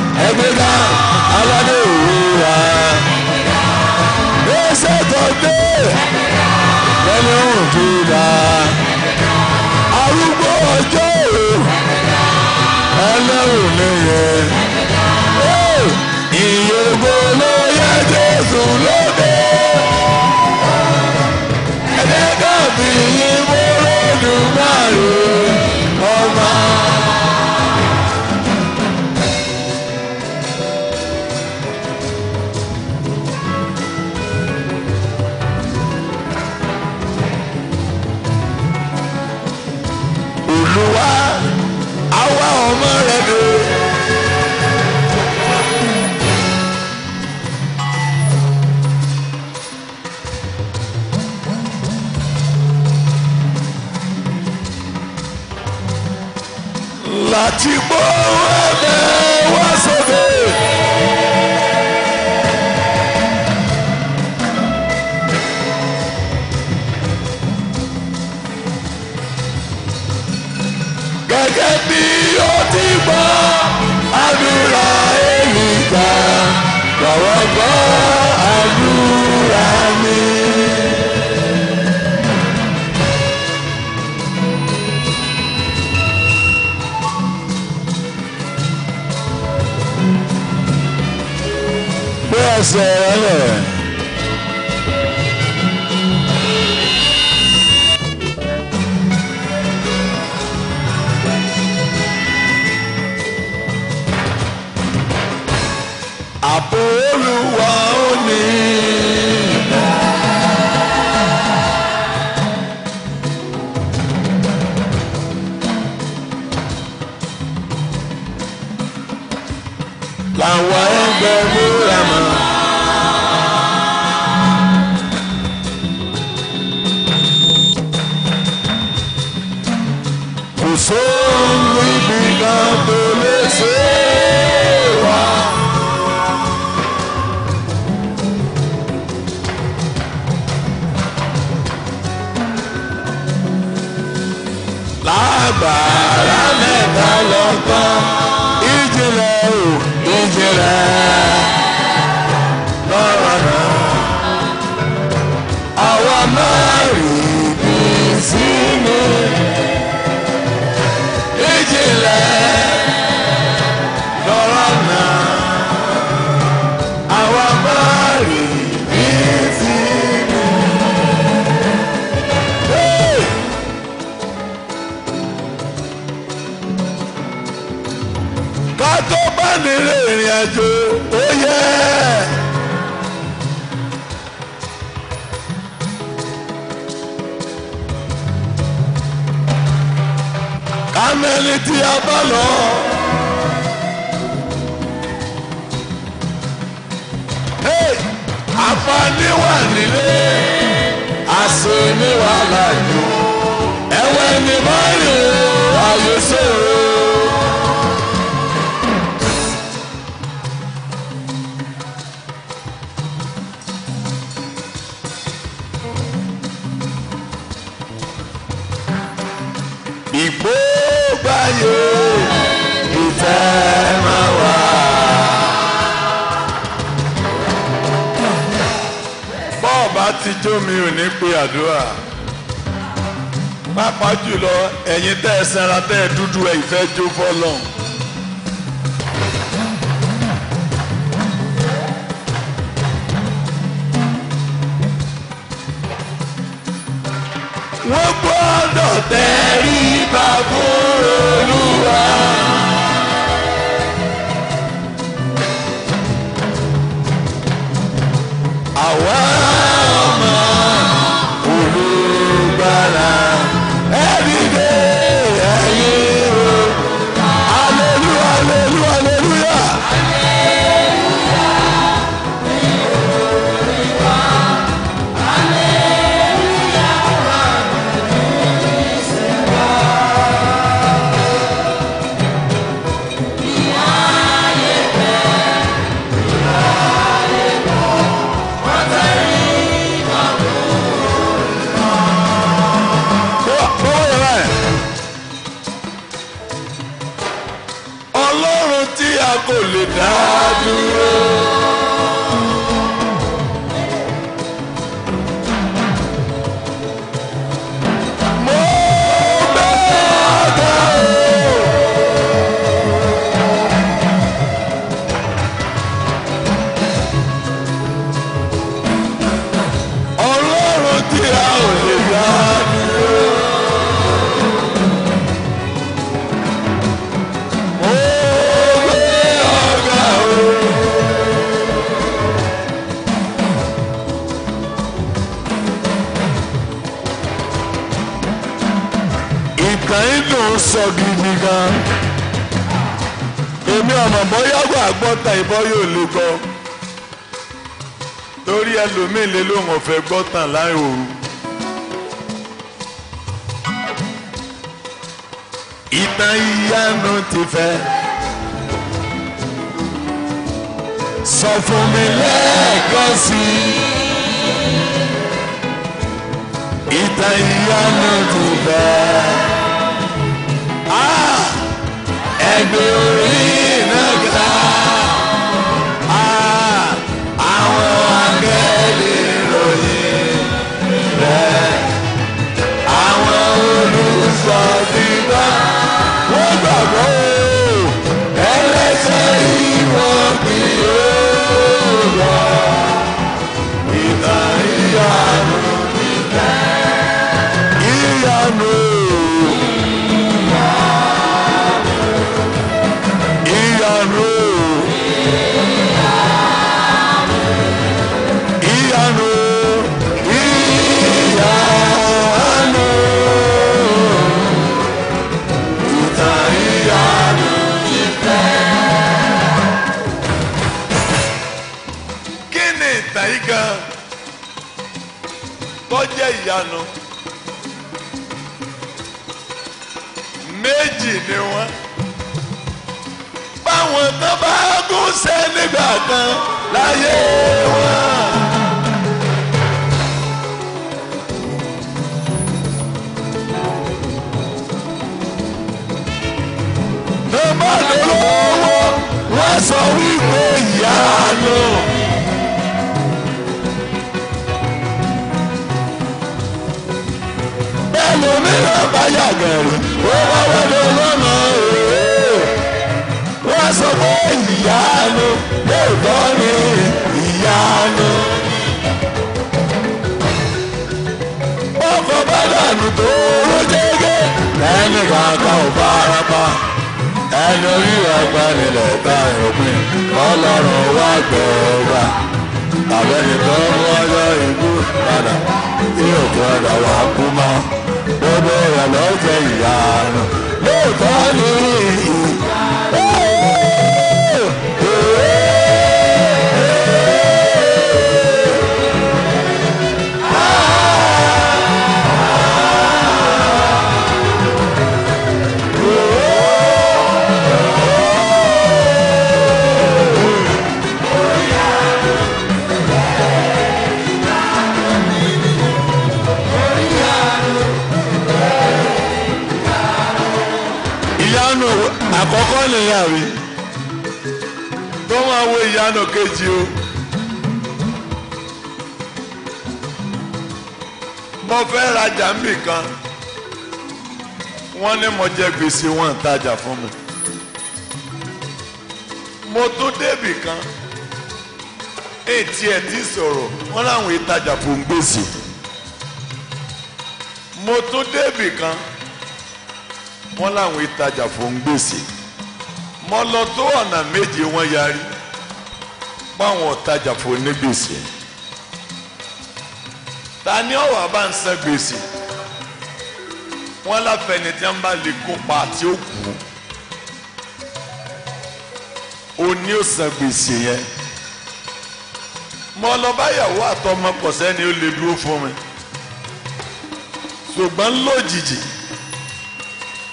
Sarah. ara mẹ́ta lọ́gbọ́n ìjìnlẹ̀ o ìjìnlẹ̀ lọ́rọ̀ náà àwa máa rí bí sínú ìjìnlẹ̀. tí a bá lọ. àǹfààní wà nílé àṣẹ níwàlá yòó. ti jó mi ò ní pe àdúrà pàápàá jùlọ ẹ̀yin tẹ́ ẹ sanra tẹ́ ẹ dúdú ẹ ìfẹ́ jó fọlọ́n. wọ́n gbọ́dọ̀ tẹrí ba fún Olúwa. àwa. kàn dùn sọ gidi gan. èmi ọmọ bóyá wà gbọ́ta yóò lè kọ́ torí ẹlòmíì lè lóun ọ̀fẹ́ gbọ́tàn láì òru. ìtàn ìyanu ti fẹ́. sọ fún mi lẹ́ẹ̀kan sí ìtàn ìyanu ti fẹ́. and believe nígbà kan láyé wọn. bàbá lọ́wọ́ wọ́n sọ wípé ìyá lọ. bẹ́ẹ̀ bá wọlé lọ́nà òwe wọ́n sọ pé ìyá lọ òótọ́ ni ìyanu. ó kọ bọ́dà ní tó owó jẹ́gẹ́ ẹnì kankan ò fara pa ẹni orí ọgbà nílẹ̀ ta òpin ọlọ́run wá gbọ́ wa àbẹ̀ni tó ń wọ́yọ́ ikú padà tí òkú ọ̀dà wà kú mọ́ gbogbo rẹ̀ lọ́jọ́ eji o mo fẹ́ rajà mbì kan wọn ní mo jẹ gbèsè wọn ń tajà fún mi mo tún débì kan etí ẹ̀ ti sọ̀rọ̀ wọ́n láwọn ìtajà fún gbèsè mo tún débì kan láwọn ìtajà fún gbèsè mo lọ tó ọ̀nà méje wọ́n yarí. báwọn ọ̀tajà fún ní gbèsè ta ni ọ̀wà bá ń san gbèsè wọ́n láfẹ̀ẹ́ni tí wọ́n bá lè kópa àti òkú òní ò san gbèsè yẹn mo lọ báyàwó àtọmọ pọ̀ sẹ́ni ó lè dúró fún mi ṣùgbọ́n lójijì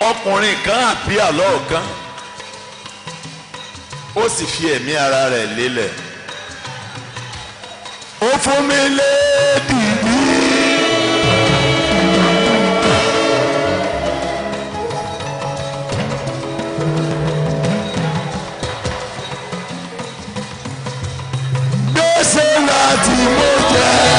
ọkùnrin kan àbí àlọ́ ó sì fi ẹ̀mí ara rẹ̀ lélẹ̀ ó fún mi léèdì bí. gbèsè láti mo jẹ́.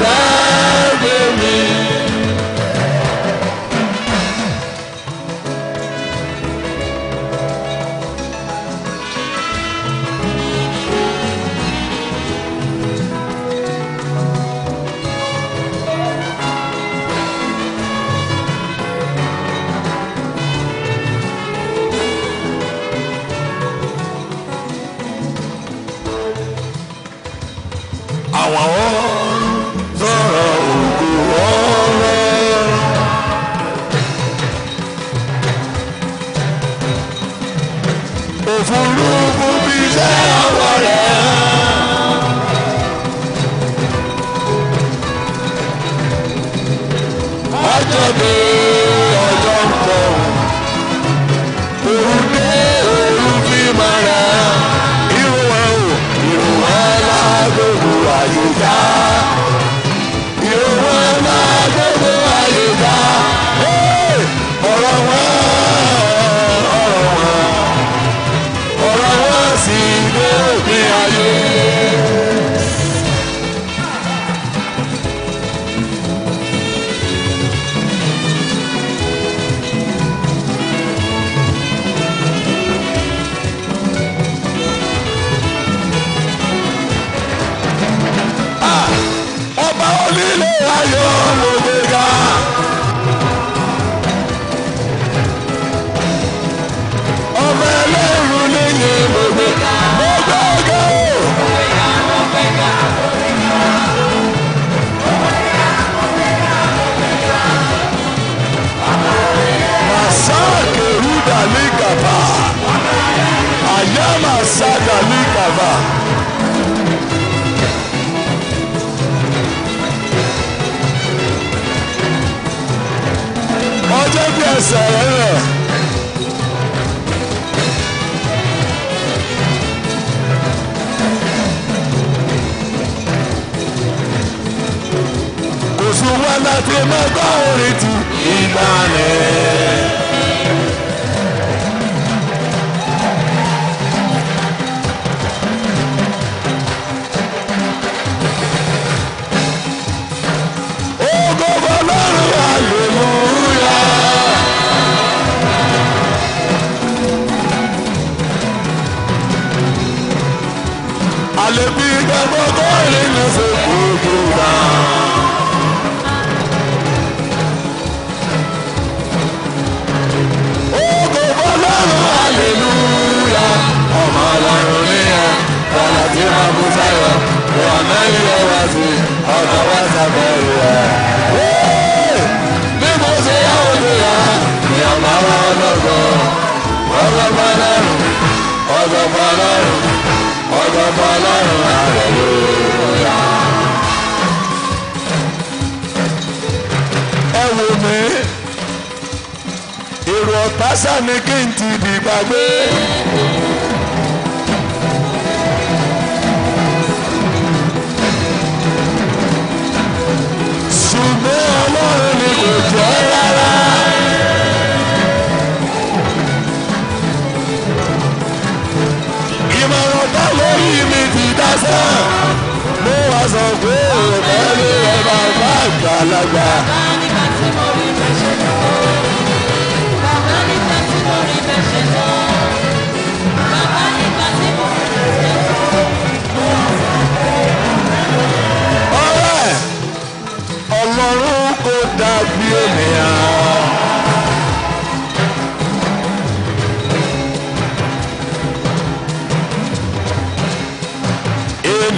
back.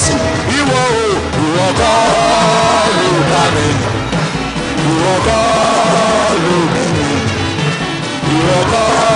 jésù ìwọ o ìwọ kọ́ ló dá mi ìwọ kọ́ ló bí mi ìwọ kọ́.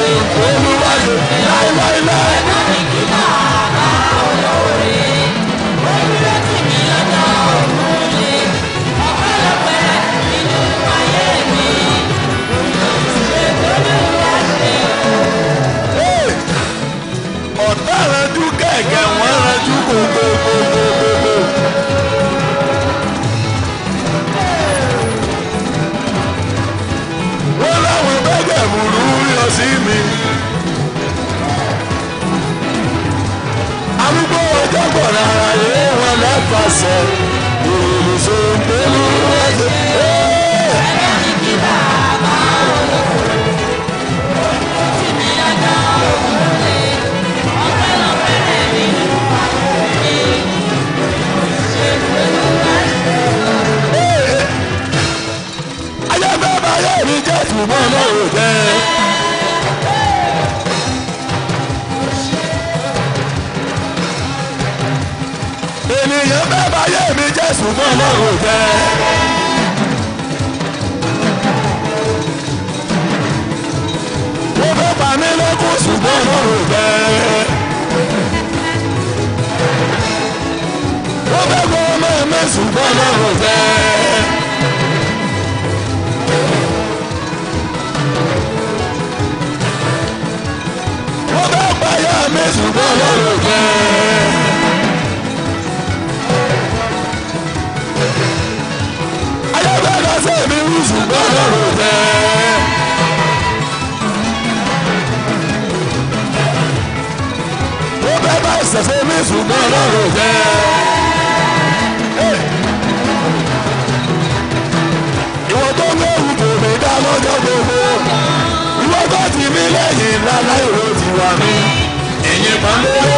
Santo. dọ́gbọ̀n ara lé wọn lẹ́pàṣẹ ìrìnnì ṣe ń tẹ́lú ẹ̀jẹ̀. ayé bẹ́ẹ̀ bá yẹ ìrìn jẹ́ ìtumọ̀ náà ò jẹ́. Jésù mọ́ ọlọ́run jẹ́. Mo fẹ́ pa mí lókun ṣùgbọ́n ọlọ́run jẹ́. Mo fẹ́ gbọ́ ọmọ mi ṣùgbọ́n ọlọ́run jẹ́. Mo fẹ́ pa ìyá mi ṣùgbọ́n ọlọ́run jẹ́. ẹsẹ̀ mi wù ṣùgbọ́n lọ́rùn fẹ́. ó bẹ́ bá ẹsẹ̀ mi ṣùgbọ́n lọ́rùn fẹ́. ìwọ tó ń léwu kò mí dá lọ́jọ́ gbogbo ìwọ tó ti mí lẹ́yìn lálẹ́ ìró ti wà mí ìyìnbọn lórí.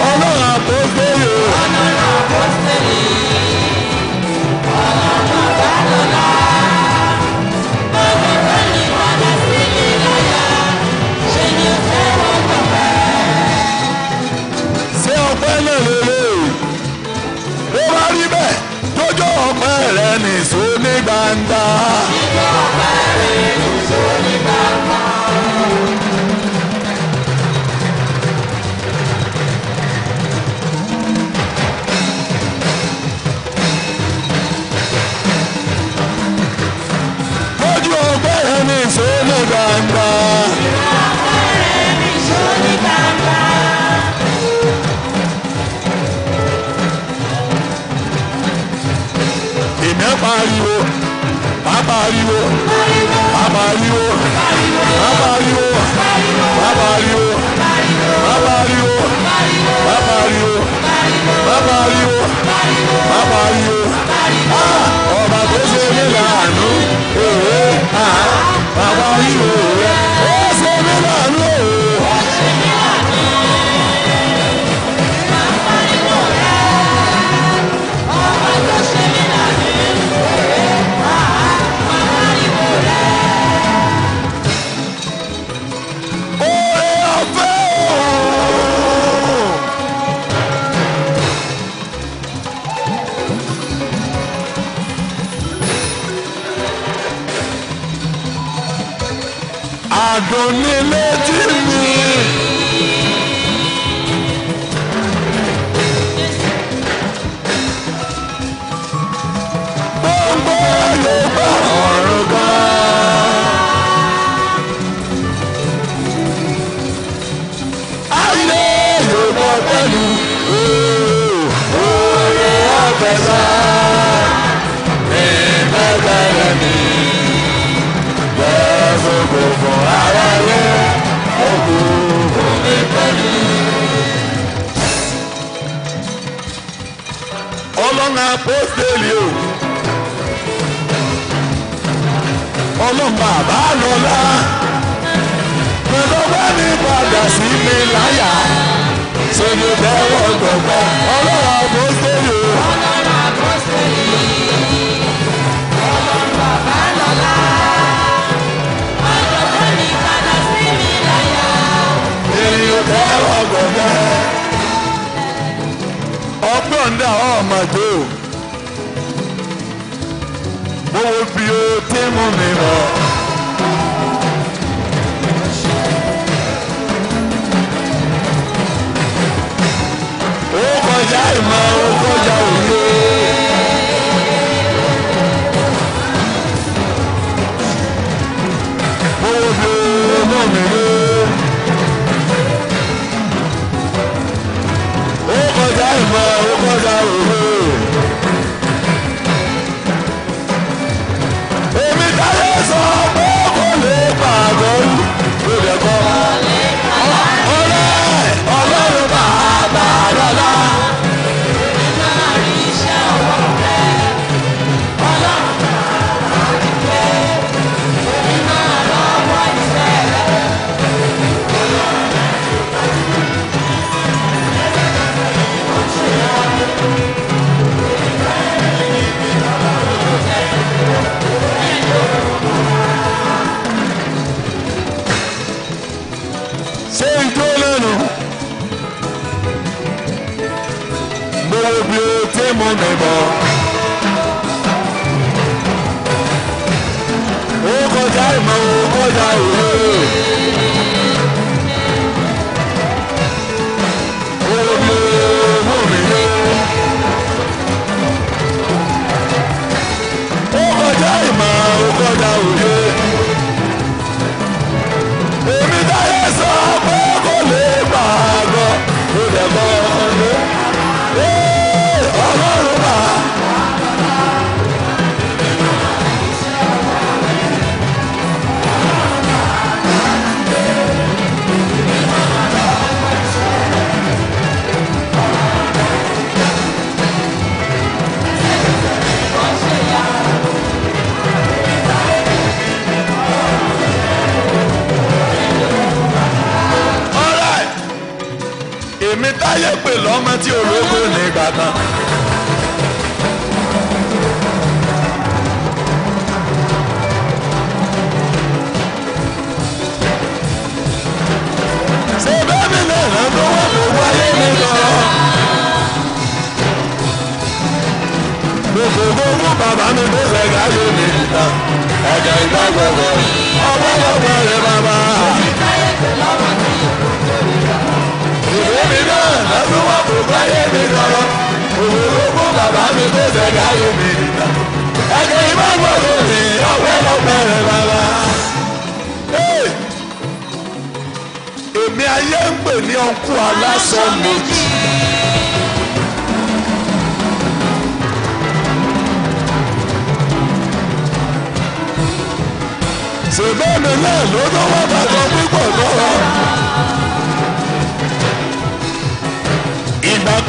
rẹ̀ nìṣó ní gbangba. ìjọ ọ̀pẹ rẹ̀ nìṣó ní gbangba. ojú ọgbẹ́ rẹ̀ nìṣó ní gbangba. pariwo a pariwo a pariwo a pariwo a pariwo a pariwo a pariwo a pariwo a pariwo ọba tó ṣe nílà. Come ọlọ́run á post daily o. ọlọ́run bàbá lọ́la pẹ̀lú bá ní padà sí mi láyà sórí tẹ́wọ́ gbọ̀gbọ́ ọlọ́run á post daily o. ọlọ́run á post daily ọlọ́run bàbá lọ́la. Tẹ́wọ́ gbọ̀gbọ́. yọ̀ǹda ọ̀màdó. Mo wo bí o tí mú mi compléter mon aimant. Ó kọjá ìmọ̀ ó kọjá ìwé. táyé pè lọ́mọ tí ológo nígbà kan. ṣé bẹ́ẹ̀ mi lè rán lówó tó wáyé mi lọ. gbogbo gbogbo bàbá mi ló lẹ̀ gáyé mi nìkan. ẹ̀jẹ̀ ìgbàgbọ́ ọ̀pọ̀lọpọ̀ rẹ̀ bàbá. báyé mi lọ́rọ̀ òwe ogún bàbá mi tó fẹ́ gáyé mi nìkan. ẹ̀jẹ̀ ìbágbọ́dọ̀ ni ọ̀pẹ́ lọ́pẹ́ rẹ̀ bàbá. èmi ayé ń pè ní ọkùn aláṣọ méjì. ṣèbẹ́ náà ló dánwó bàtọ́ pípọ̀ lọ́rọ̀.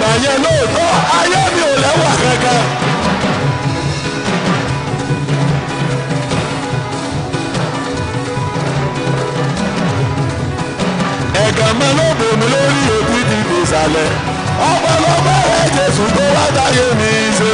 ìgbà yẹn lóòótọ́ ayé mi ò lẹ́wà kankan. ẹ̀gàn mọ́ ló lórí òbí ti dìsàlẹ̀ ọ̀pọ̀lọpọ̀ ẹ̀jẹ̀ sùn tó wá táyé mi ṣe.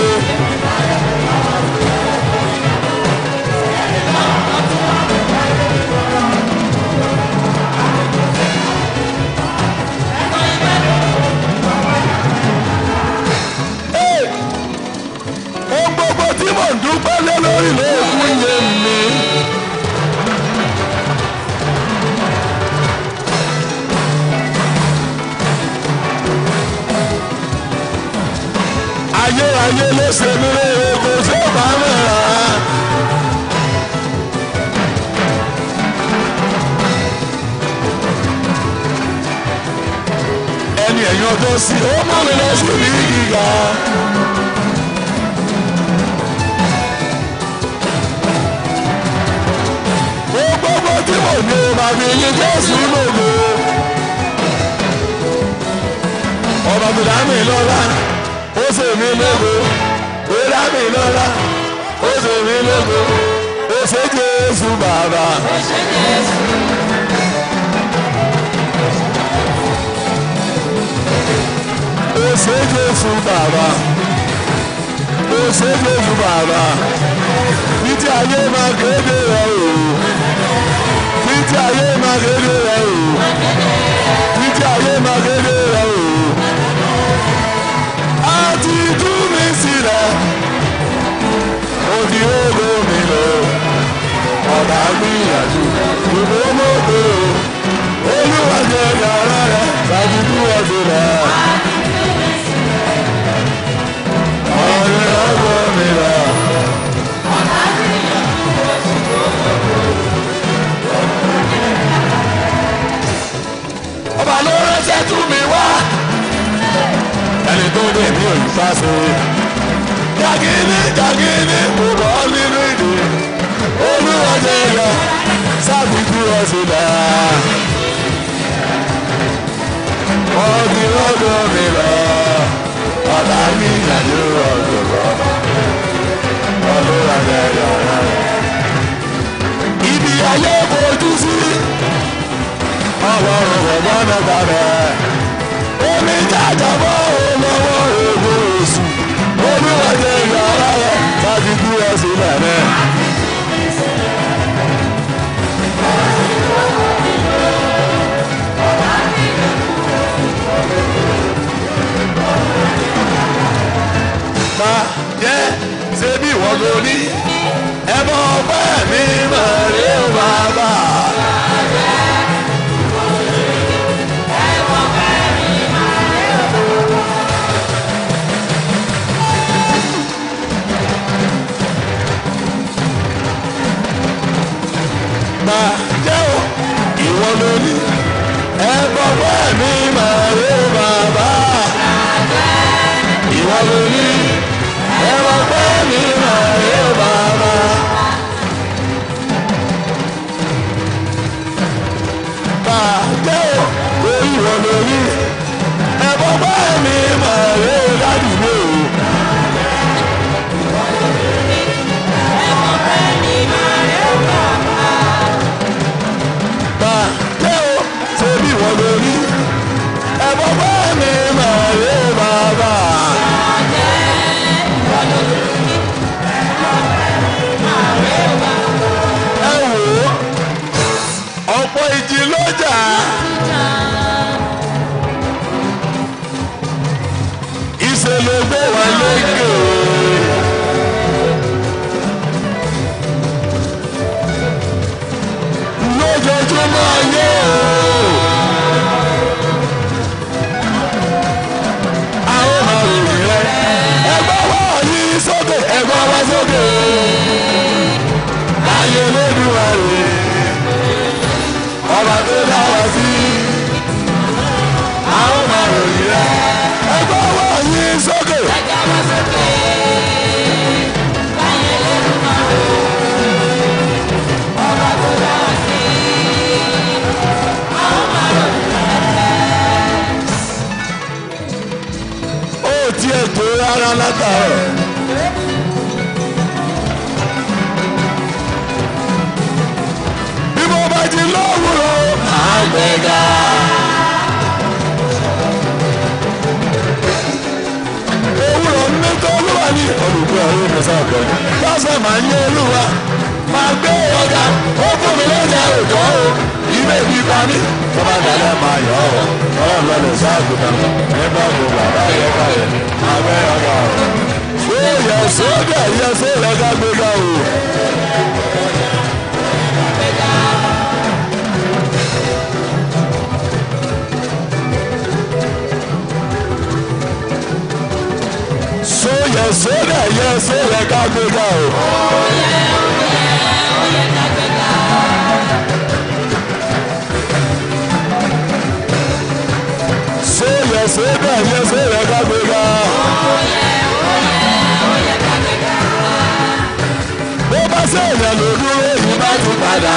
sèèyàn ló dúró èmi bá tún padà.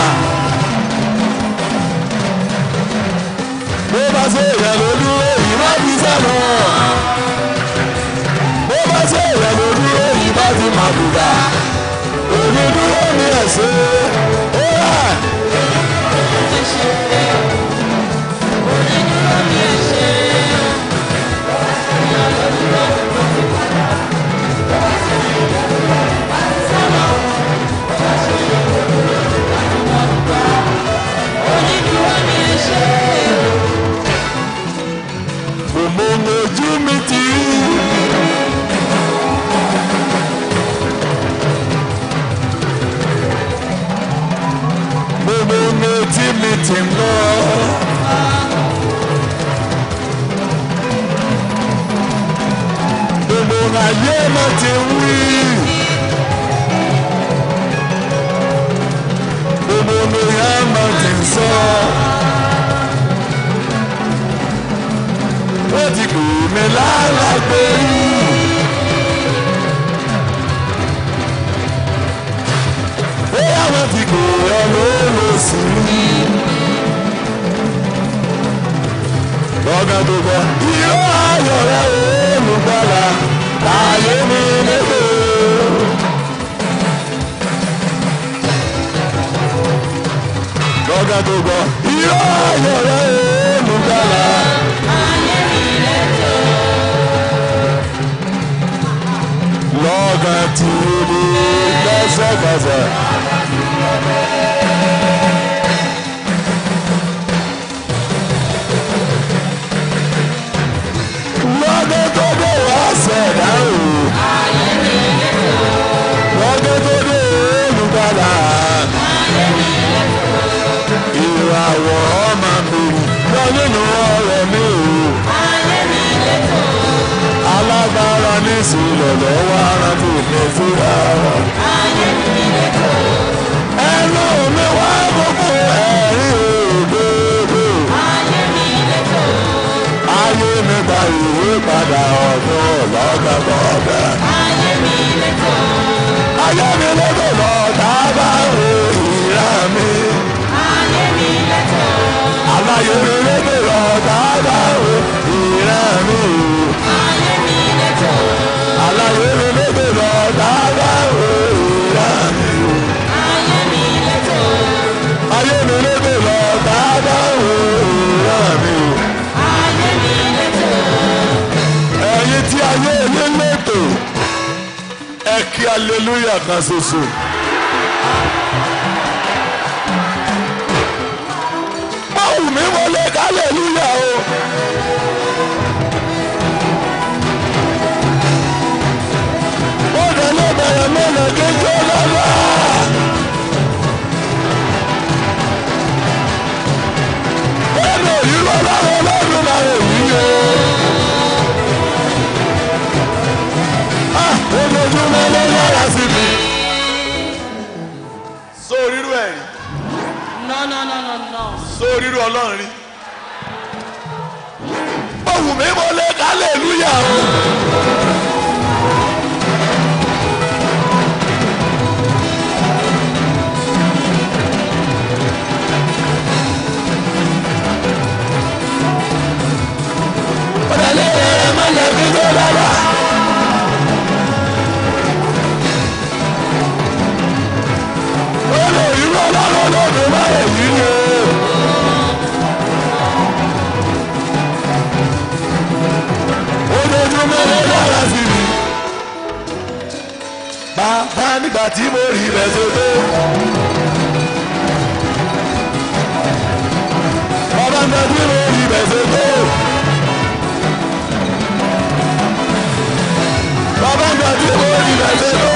bó bá sèèyàn ló dúró èmi bá fi sẹ́nu. bó bá sèèyàn ló dúró èmi bá fi màbùdà. èmi dúró ní ẹ̀sìn. ó rà. èmi ti ṣe é. onídùúró ní ẹ̀sìn. ó rà. let Gbogbo ayé mo ti wí. Gbogbo mi á mo ti sọ. Ó ti kù mí lálàgbé yìí. bá ti kò ẹ sí i. lọ́gà tó gbọ́ yóò ayọ̀ rẹ̀ olùgbàlà láàyè mi lébè. lọ́gà tó gbọ́ yóò ayọ̀ rẹ̀ olùgbàlà. Lọ́gà tí o lè lẹ́sẹ̀kẹsẹ̀. Jésù lọ̀lọ́ wá rántí mi síra wọn. Ẹnu mi wá gbogbo ẹ̀rí òdodo. Ayé mi gba ìwé padà ọ̀dọ́ lọ́gbàgbọ́ bẹ́ẹ̀. Ayé mi lẹ́tọ̀ lọ́ta bá ro ìrà mi. Ayé mi lẹ́tọ̀. Aláyé mi. Hallelujah, kan ṣoṣo. báwo mi wọlé Hallelujah. o. mo dẹ̀ lé bẹ̀rẹ̀ mọ́nà kéjọ́ náà. onírú ọlọ́run rí ohun mi mo hallelujah o. Olórí ló lọ́dún báyìí nílé. dára sí mi. Bàbá nígbà tí mo rí rẹ̀ sódò. Bàbá nígbà tí mo rí rẹ̀ sódò. Bàbá nígbà tí mo rí rẹ̀ sódò.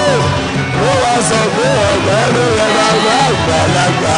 Mo wá sọ pé ọ̀gbẹ́ ló rẹ̀ bàbá àgbàlagbà.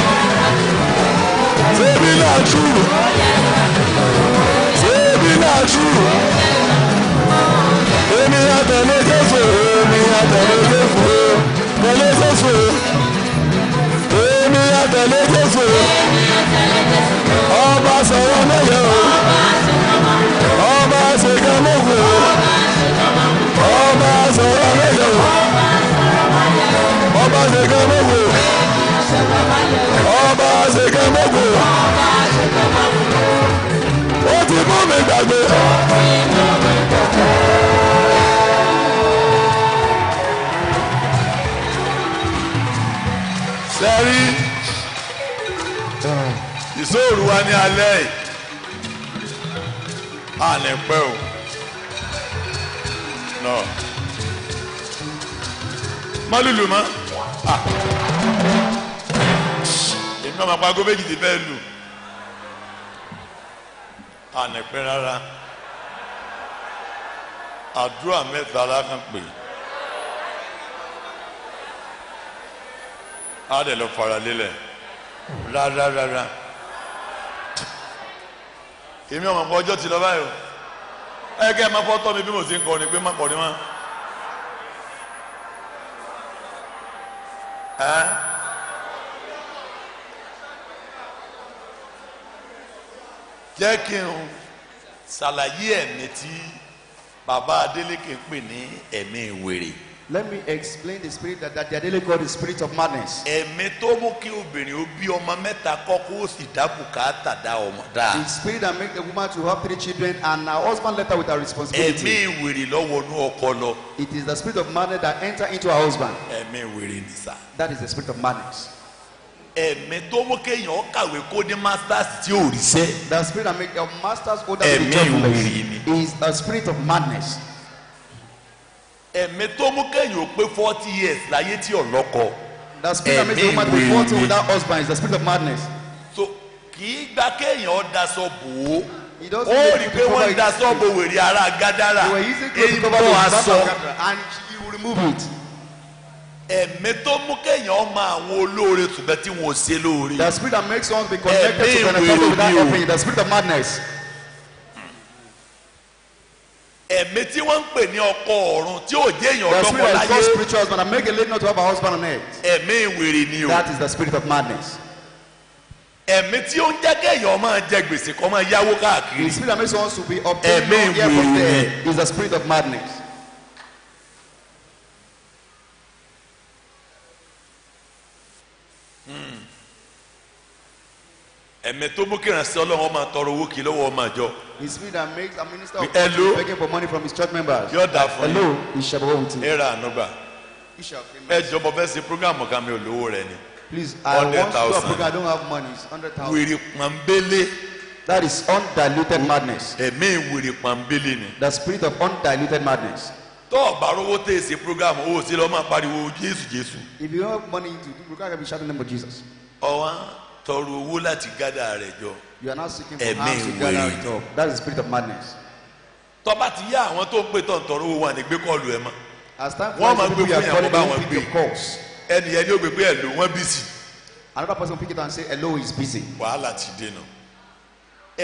me not true. Say me not true. Èmi àtẹ̀lé Jésù, èmi àtẹ̀lé Jésù, tẹ̀lé Jésù. Èmi àtẹ̀lé Jésù. Ọba sọ̀rọ̀ mẹ́yẹ̀ o. wá ní alẹ́ yìí à ní pẹ́ o nọ má lùlù mọ́ à èmi náà máa pa agó méjì tí fẹ́ lù à ní pẹ́ rárá àdúrà mẹ́ta lákàn pè á dẹ̀ lọ fara lélẹ̀ rárá rárá. Ra, ra, ra èmi ọmọ pọ ọjọ́ ti lọ báyìí o ẹ kẹ́ ẹ máa fọ́ tọ́ mi bí mo ti ń kọrin pé má kọrin mọ́ jẹ́ kí n ṣàlàyé ẹ̀mí tí bàbá Adeleke ń pè ní ẹ̀mí wèrè let me explain the spirit that that they really call the spirit of madness. ẹ̀mí tó mú kí obìnrin ó bí ọmọ mẹ́ta kọ́ kó o sì dá bùkátà dá ọmọ dá. the spirit that make the woman to have three children and her husband left her with her responsibility. ẹ̀mí ìwèrè lọ́wọ́nú ọkọ lọ. it is the spirit of madness that enter into her husband. ẹ̀mí ìwèrè ni sá. that is the spirit of madness. ẹ̀mí tó mú kéèyàn kàwé kó ní masters tí ò rí sẹ́. the spirit that make your masters older than the church. ẹ̀mí ìwèrè ni. is the spirit of madness ẹ̀mí tó mú kẹ́yìn ò pé forty years láyé tí ò lọ́kọ. the spirit that makes a woman be forty without husband is the spirit of madness. so kì í gba kẹ́yìn ó daṣọ bò ó ó rí i pé wọ́n daṣọ bò wèrè ara gádàrà èyí bọ́ aṣọ and you remove it ẹ̀mí tó mú kéèyàn ọmọ àwọn olóore ṣùgbọ́n tí wọn ò ṣe lóore. the spirit that makes one be connected to benefit without helping the spirit of madness ẹ̀mí tí wọ́n ń pè ní ọkọ ọ̀run tí ò jẹ́ èèyàn lọ́kọ láyé. the spirit of God's make a lady not to have a husband on earth. ẹ̀mí ìwèrè ni o. that is the spirit of madness. ẹ̀mí tí ó ń jẹ́ kéèyàn máa jẹ gbèsè kó máa yáwó káàkiri. the spirit that makes one to be obtained from here from there is the spirit of madness. ẹ̀mẹ́ tó mú kíran sí ọlọ́run ọmọ àtọrọ owó kì í ọmọ àjọ. his spirit that makes a minister of hello begging for money from his church members. yóò dà fún yín hello ìṣàbọ̀wọ̀ ohun ti. ẹ ra ànúgbà ẹ jọ bọ ṣe programu kan mi ò rẹ ni. please i want to do a program i don't have money it's hundred thousand. wèrè pọ̀nbélé. that is undiluted madness. ẹ̀mí wèrè pọ̀nbélé ni. the spirit of undiluted madness tọ́ ọ̀bá rówó tẹ̀ ṣe program owó sí lọ́ọ́ máa pariwo jésù jésù. if you don't have money to do program you be shouting the name of Jesus. ọ̀wá tọrọ owó láti gádà rẹ̀ jọ ẹ̀mí ìwé that is the spirit of madness. tọ́ba ti yá àwọn tó ń pè tán tọrọ owó wọn ni gbé kọ́ọ̀lù ẹ mọ́ wọ́n máa gbé fún yàrá bá wọn gbé ẹnì yẹn ni ó gbé pé ẹ̀lò wọn bísí. another person pick it and say hello is busy. wàhálà ti dé nà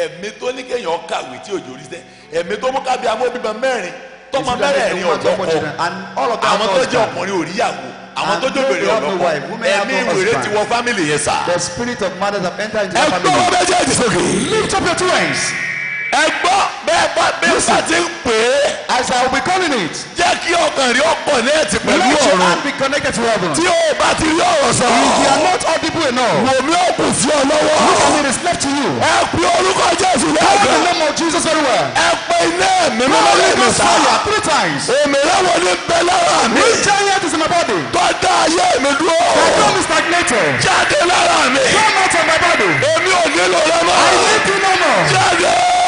ẹ̀mí tó ní kéèyàn kàwé tí òjò rí sẹ́ ẹ̀mí tó mú kábíyàmó bímọ mẹ́rin tọmọ mẹ́rẹ̀ẹ̀rin ọ̀dọ́kọ àwọn tó jẹ́ ọkùnrin òríyàwó àwọn tó jòbèrè ọlọ́pọ̀ ẹ̀mí ìwéré ti wọ fámìlì yẹn sá. the spirit of mothers have entered into the family. ẹ gbọ́ wọ́n méjèèjì sókè. lift up your two hands ẹ gbọ́ bẹ́ẹ̀ bá bẹ́ẹ̀ bá ti ń pè é. as I will be calling it. jẹ́ kí ọkàn rí ọkàn ní ẹ̀tì pẹ̀lú ọ̀rọ̀. be connected to heaven. tí o bá ti rí ọ̀rọ̀ sọ. you are not audible enough. wò mí òkun sí ọ lọ́wọ́. look at it is left to you. ẹ pe orúkọ Jésù lẹ́gbẹ̀ẹ́. call the name of Jesus everywhere. ẹ pe iná mi mọ́ lórí mi sá. call it three times. èmi láwọn ní bẹ lára mi. which giant is in my body. tọ́jà ayé mi dúró. my home is stagnated. jáde lára mi. come out of my body. èmi ò nílò rẹ mọ́. I need you no more. jáde. Dado, dado, dado, dado, dado, dado,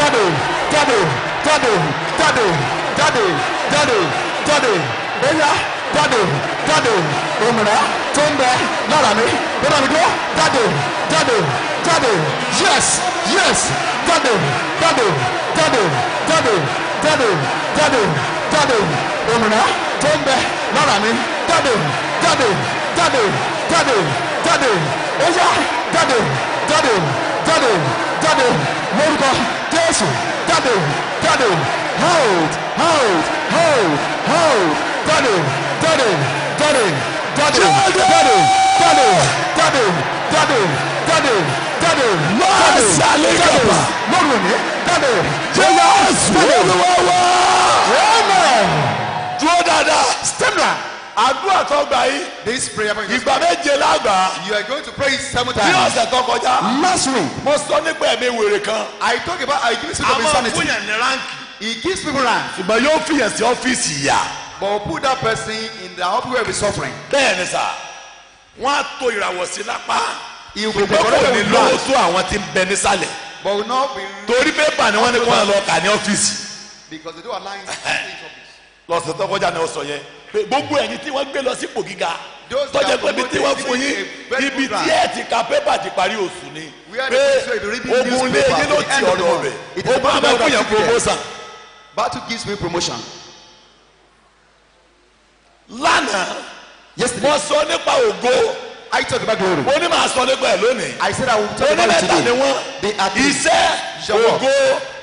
dado, dado, dado, dado, dado, dado, dado, dado, dado, Dadu, dadu, òmìnira tó ń bẹ lára mi lára mi dúró dado yes yes dadu, dadu, dadu, dadu, dadu, dadu, dadu, òmìnira tó ń bẹ dadu, dadu, dadu, dadu, dado dado dadu, dadu, dadu, dado dado dado dado lórúkọ jésù dado dado hold hold hold hold. Dodin, Dodin, Dodin, Dodin, Dodin, Dodin, Dodin, Dodin, Dodin, Dodin, Masalikaba, Moroni, Dodin, Jesus, Olúwa. Amen. Dúró dáadáa. Stamina. Àdúrà tó gbà yìí. This prayer point is. Ìgbà méje lágbà. You are going to pray seven times. Ní ọ̀sẹ̀ tó kọjá. Last week. Mo sọ nípa ẹ̀mí wèrè kan. I talk about I give you some of insanity. Àwọn fúnyàn ní ránkì. He gives people rank. Ṣùgbọ́n yóò fìyàn sí ọ́fíìsì yà but we put that person in the hospital where be suffering. bẹ́ẹ̀ni sá wọn á tó ìràwọ̀ sí lápá ìgbòkòrò kò ní lówó tó àwọn tí ń bẹ nísàlẹ̀ but we now be. torí pépà ni wọ́n ní kó wọn lọ kà ní ọ́fíìsì. because they do allow you to stay in office. lọ́sẹ̀ tó kọjá ni ó sọ yẹn pé gbogbo ẹ̀yin tí wọ́n gbé lọ sípò gíga tọ́jà pé ibi tí wọ́n fún yín ibi tí ẹ̀ ti ka pépà ti parí oṣù ni pé ogun lé yín ló ti ọ̀dọ̀ rẹ̀ ogun àmọ́ fún yẹn promotion. battle gives me promotion lánàá yesterday mo sọ nípa ògo. I talk about glory. mo ní màá sọ nípa ẹ̀ lónìí. I said I will talk about it today. onímẹ̀ta ni wọ́n. they are iṣẹ́ ògo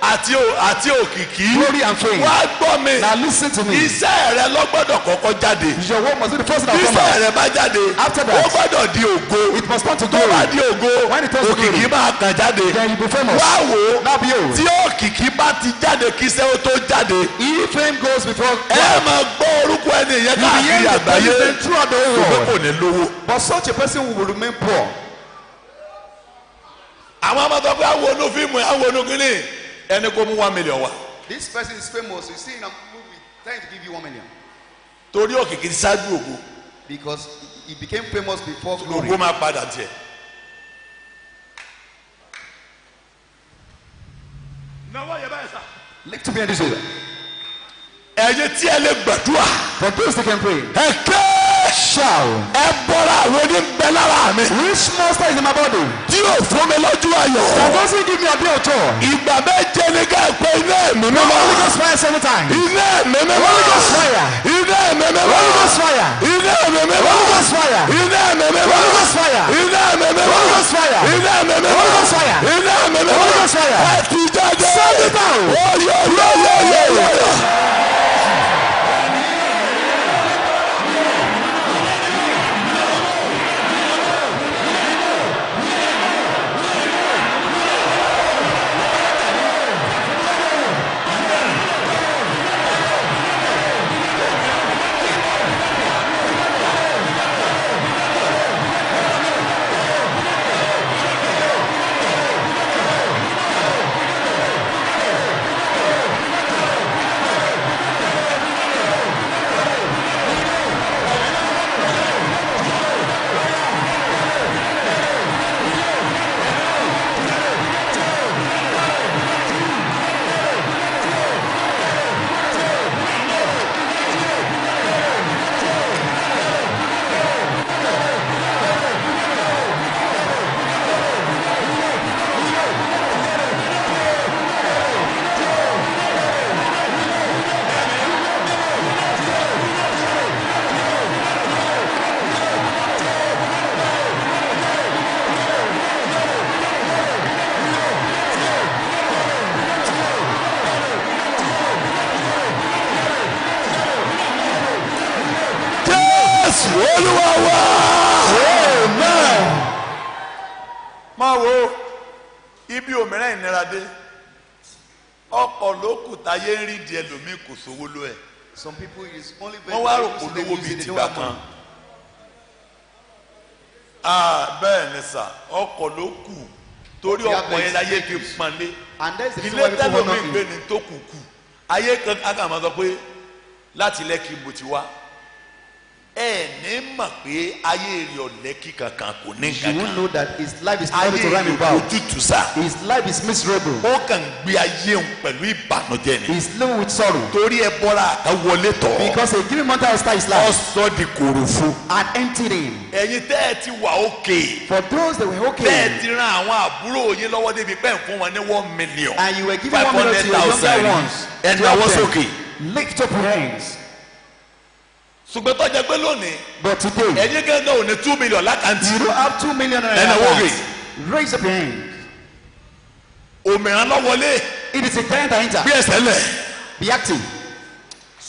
àti àti òkìkí. glory and fame. wá gbọ́ mi. na listen to me. iṣẹ́ rẹ ló gbọ́dọ̀ kọ́kọ́ jáde. your work must be the first and foremost. iṣẹ́ rẹ bá jáde. after that ó gbọ́dọ̀ di ògo. it must turn to glory. tó bá di ògo. when it turns to glory òkìkí máa kàn jáde. then you be famous. wá wò. now be o. tí òkìkí bá ti jáde kí iṣẹ́ ó tó jáde. if fame goes before. ẹ máa gbọ́ orúkọ ẹni yẹn káàkiri àgbáyé. you be hearing the president throughout the whole world. ṣùgbọ́n kò ní lówó. but such a person will remain poor àwọn ọmọ sọ pé àwọn onú fíìmù àwọn onú kínní ẹni kó mú one million wá. this person is famous you see a movie trying to give you one million. torí òkìkí ṣáájú ògo. because he became famous before glory. ògo máa padà tiẹ̀. nàwọ yẹ báyìí sá. lift me and do so. ẹ̀yin tí ẹ lè gbàdúrà. for those who can pray. ẹ kẹ́ shall. ẹ bọ́ra àwọn oníbẹ̀ lára mi. which monster is in my body. tí yóò fún mi lójú ayọ̀. that doesn't give me a bill at all. ìgbà méje ni ká ẹ pé iná ẹ̀mí mímọ́. holy ghost fire seven times. iná ẹ̀mí mímọ́. holy ghost fire. iná ẹ̀mí mímọ́. holy ghost fire. iná ẹ̀mí mímọ́. holy ghost fire. iná ẹ̀mí mímọ́. holy ghost fire. iná ẹ̀mí mímọ́. holy ghost fire. iná ẹ̀mí mímọ́. holy ghost fire. iná ẹ̀mí mímọ́. holy ghost fire. ẹ ti jáde. sọ́dún náà. ó yọ yọ yọ yọ yọ. ayé ń rí di ẹlòmíì kò sówó ló ẹ̀. some people is only very wọ́n wá rò polówó bíi tìgbà kan. Ah, bẹ́ẹ̀ ni sà ọkọ̀ ló kù torí ọkọ̀ yẹn láyé fi pọ́nlé ilé tẹ́lómi gbé tó kù kù ayé kan agbàmọ́ sọ pé láti lẹ́kì mo ti wá ẹ ní mọ̀ pé ayé rẹ̀ ọ̀lẹ́kì kankan kò ní kankan. you know that his life is not to run about. ayé rẹ̀ ojútùú sa. his life is miserable. ó kàn gbé ayé òun pẹ̀lú ìbànújẹ́ ni. he is living with sorrow. torí ẹ bọ́ra àtàwọlé tọ̀. because a given matter has started his life. ọ̀sọ́ di kòròfo. and entering. him. ẹ̀yin tẹ́ ẹ ti wà òkè. for those that were okay. bẹ́ẹ̀ ti ran àwọn àbúrò yín lọ́wọ́ débi pẹ́ ń fún wọn ní one million. and you were given one million to your younger ones. ẹ̀dáwọ́ sókè. lift up your hands ṣùgbọ́n tó jẹ́ pé lónìí. but today. ẹ̀yin gángan ò ní two million lákàntì. you have two million naira. ẹnáwó rè. raise the bank. òmìnira lọ́wọ́lé. it is a client that enter. bí ẹsẹ̀ lẹ̀. be active.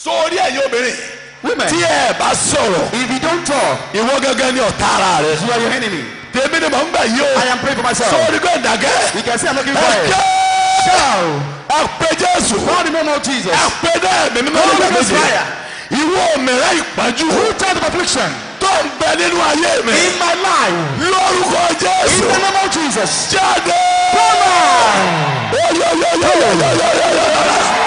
sórí ẹ̀yin obìnrin. women. tí ẹ bá sọ̀rọ̀. if you don't talk. ìwọ gángan ni ọ̀tá ara you are your enemy. tèmi ni mò ń gbà yí o. I am praying for myself. sórí gbọ́n dàgẹ́. you can see I'm looking for it. ẹ̀jẹ̀. ṣáà. àpè jésù. for the name of Jesus. àpè náà mímọ́ nígbà méjì. ìwọ mẹ̀rẹ́ ìpájú. who tell the affliction. tó ń bẹ nínú ayé mi. in my life. lórúkọ jésù. in the name of Jesus. jáde. come on.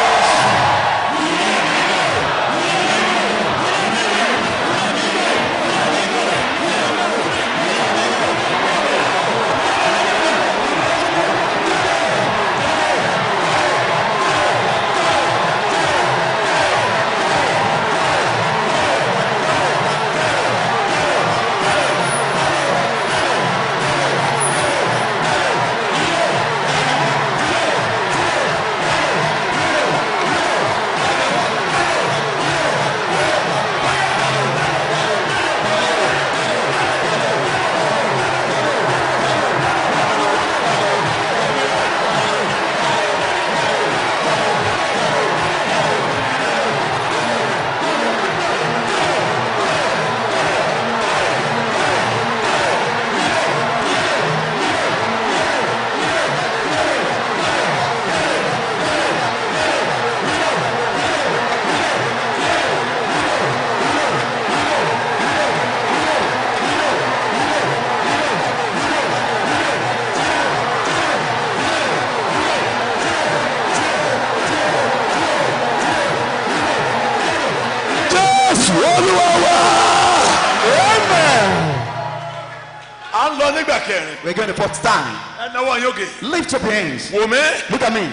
We're going the fourth time. Ẹnna wọ́n yóò gé. Lift your hands. Wò mí. Look at me.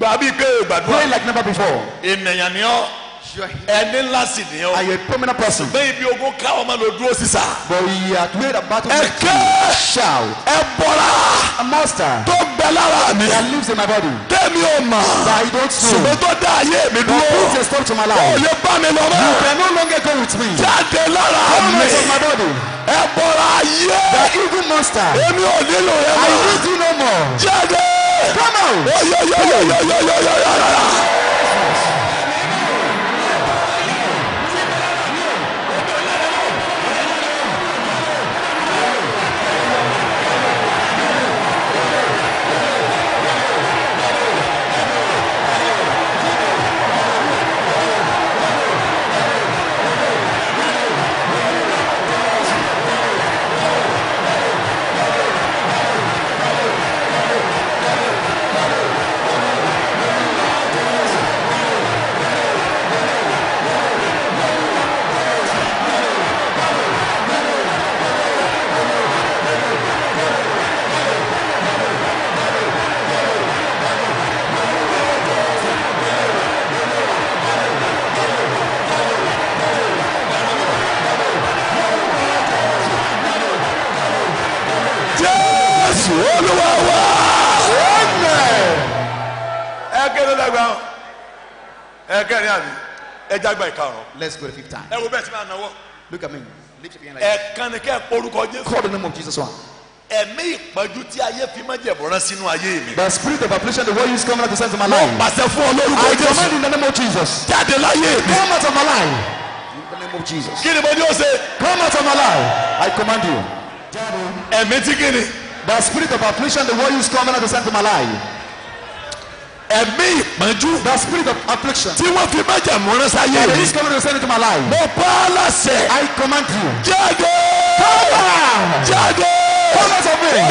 Gbàbí pé gbàdúrà. Pray like never before. Ènìyàn ni ọ́ ẹni ńlá sì ni ọ. àyè pẹ́mìnà pẹ́sìn. bẹ́ẹ̀ bí ogun káwọn máa lọ dúró sísà. bọ̀ iye àtúwé rẹ̀ bàtú. ẹ kẹ́ ṣáò. ẹ bọ̀ra. a master. tó bẹ lára mi. that lives in my body èmi ò mà. that I don't know. ṣùgbọ́n tó dá mi dúró. but put stop to my life. o lè bá mi lọ mọ́. you can no longer go with me. jáde lára mi. come on. my body. ẹ bọ̀rọ̀ ayé. the evil monster. èmi ò nílò rẹ mọ́. I need you no more. jáde. come out. oyoyoyoyoyoyoyoyoyo. ẹ̀kẹrin àbí ẹja gba ìkarùn. let's go to fifth time. ẹ wo bẹ́ẹ̀ tí máa náwó. look at me lift ni kẹ́ ẹ jésù. call the name of Jesus one. ẹ̀mí ìpọ́njú tí ayé fi máa jẹ̀ bọ́rán sínú ayé mi. the spirit of affliction the world use come out to send to my life. mo pàṣẹ fún ọ lórúkọ jésù. I command in the name of Jesus. jáde láyé mi. come out of my life. in the name of Jesus. kí ni mo ní o ṣe. come out of my life. I command you. ẹ̀mí tí kí ni. the spirit of affliction the world use come out to send to my life ẹ̀mí ìpọ́njú. the spirit of affliction. tí wọ́n fi májàmú ránṣẹ́ ayé mi. and this coming to send it to my life. mo bá a láṣẹ. I command you. Jago, Jago, jáde. jáde. jáde.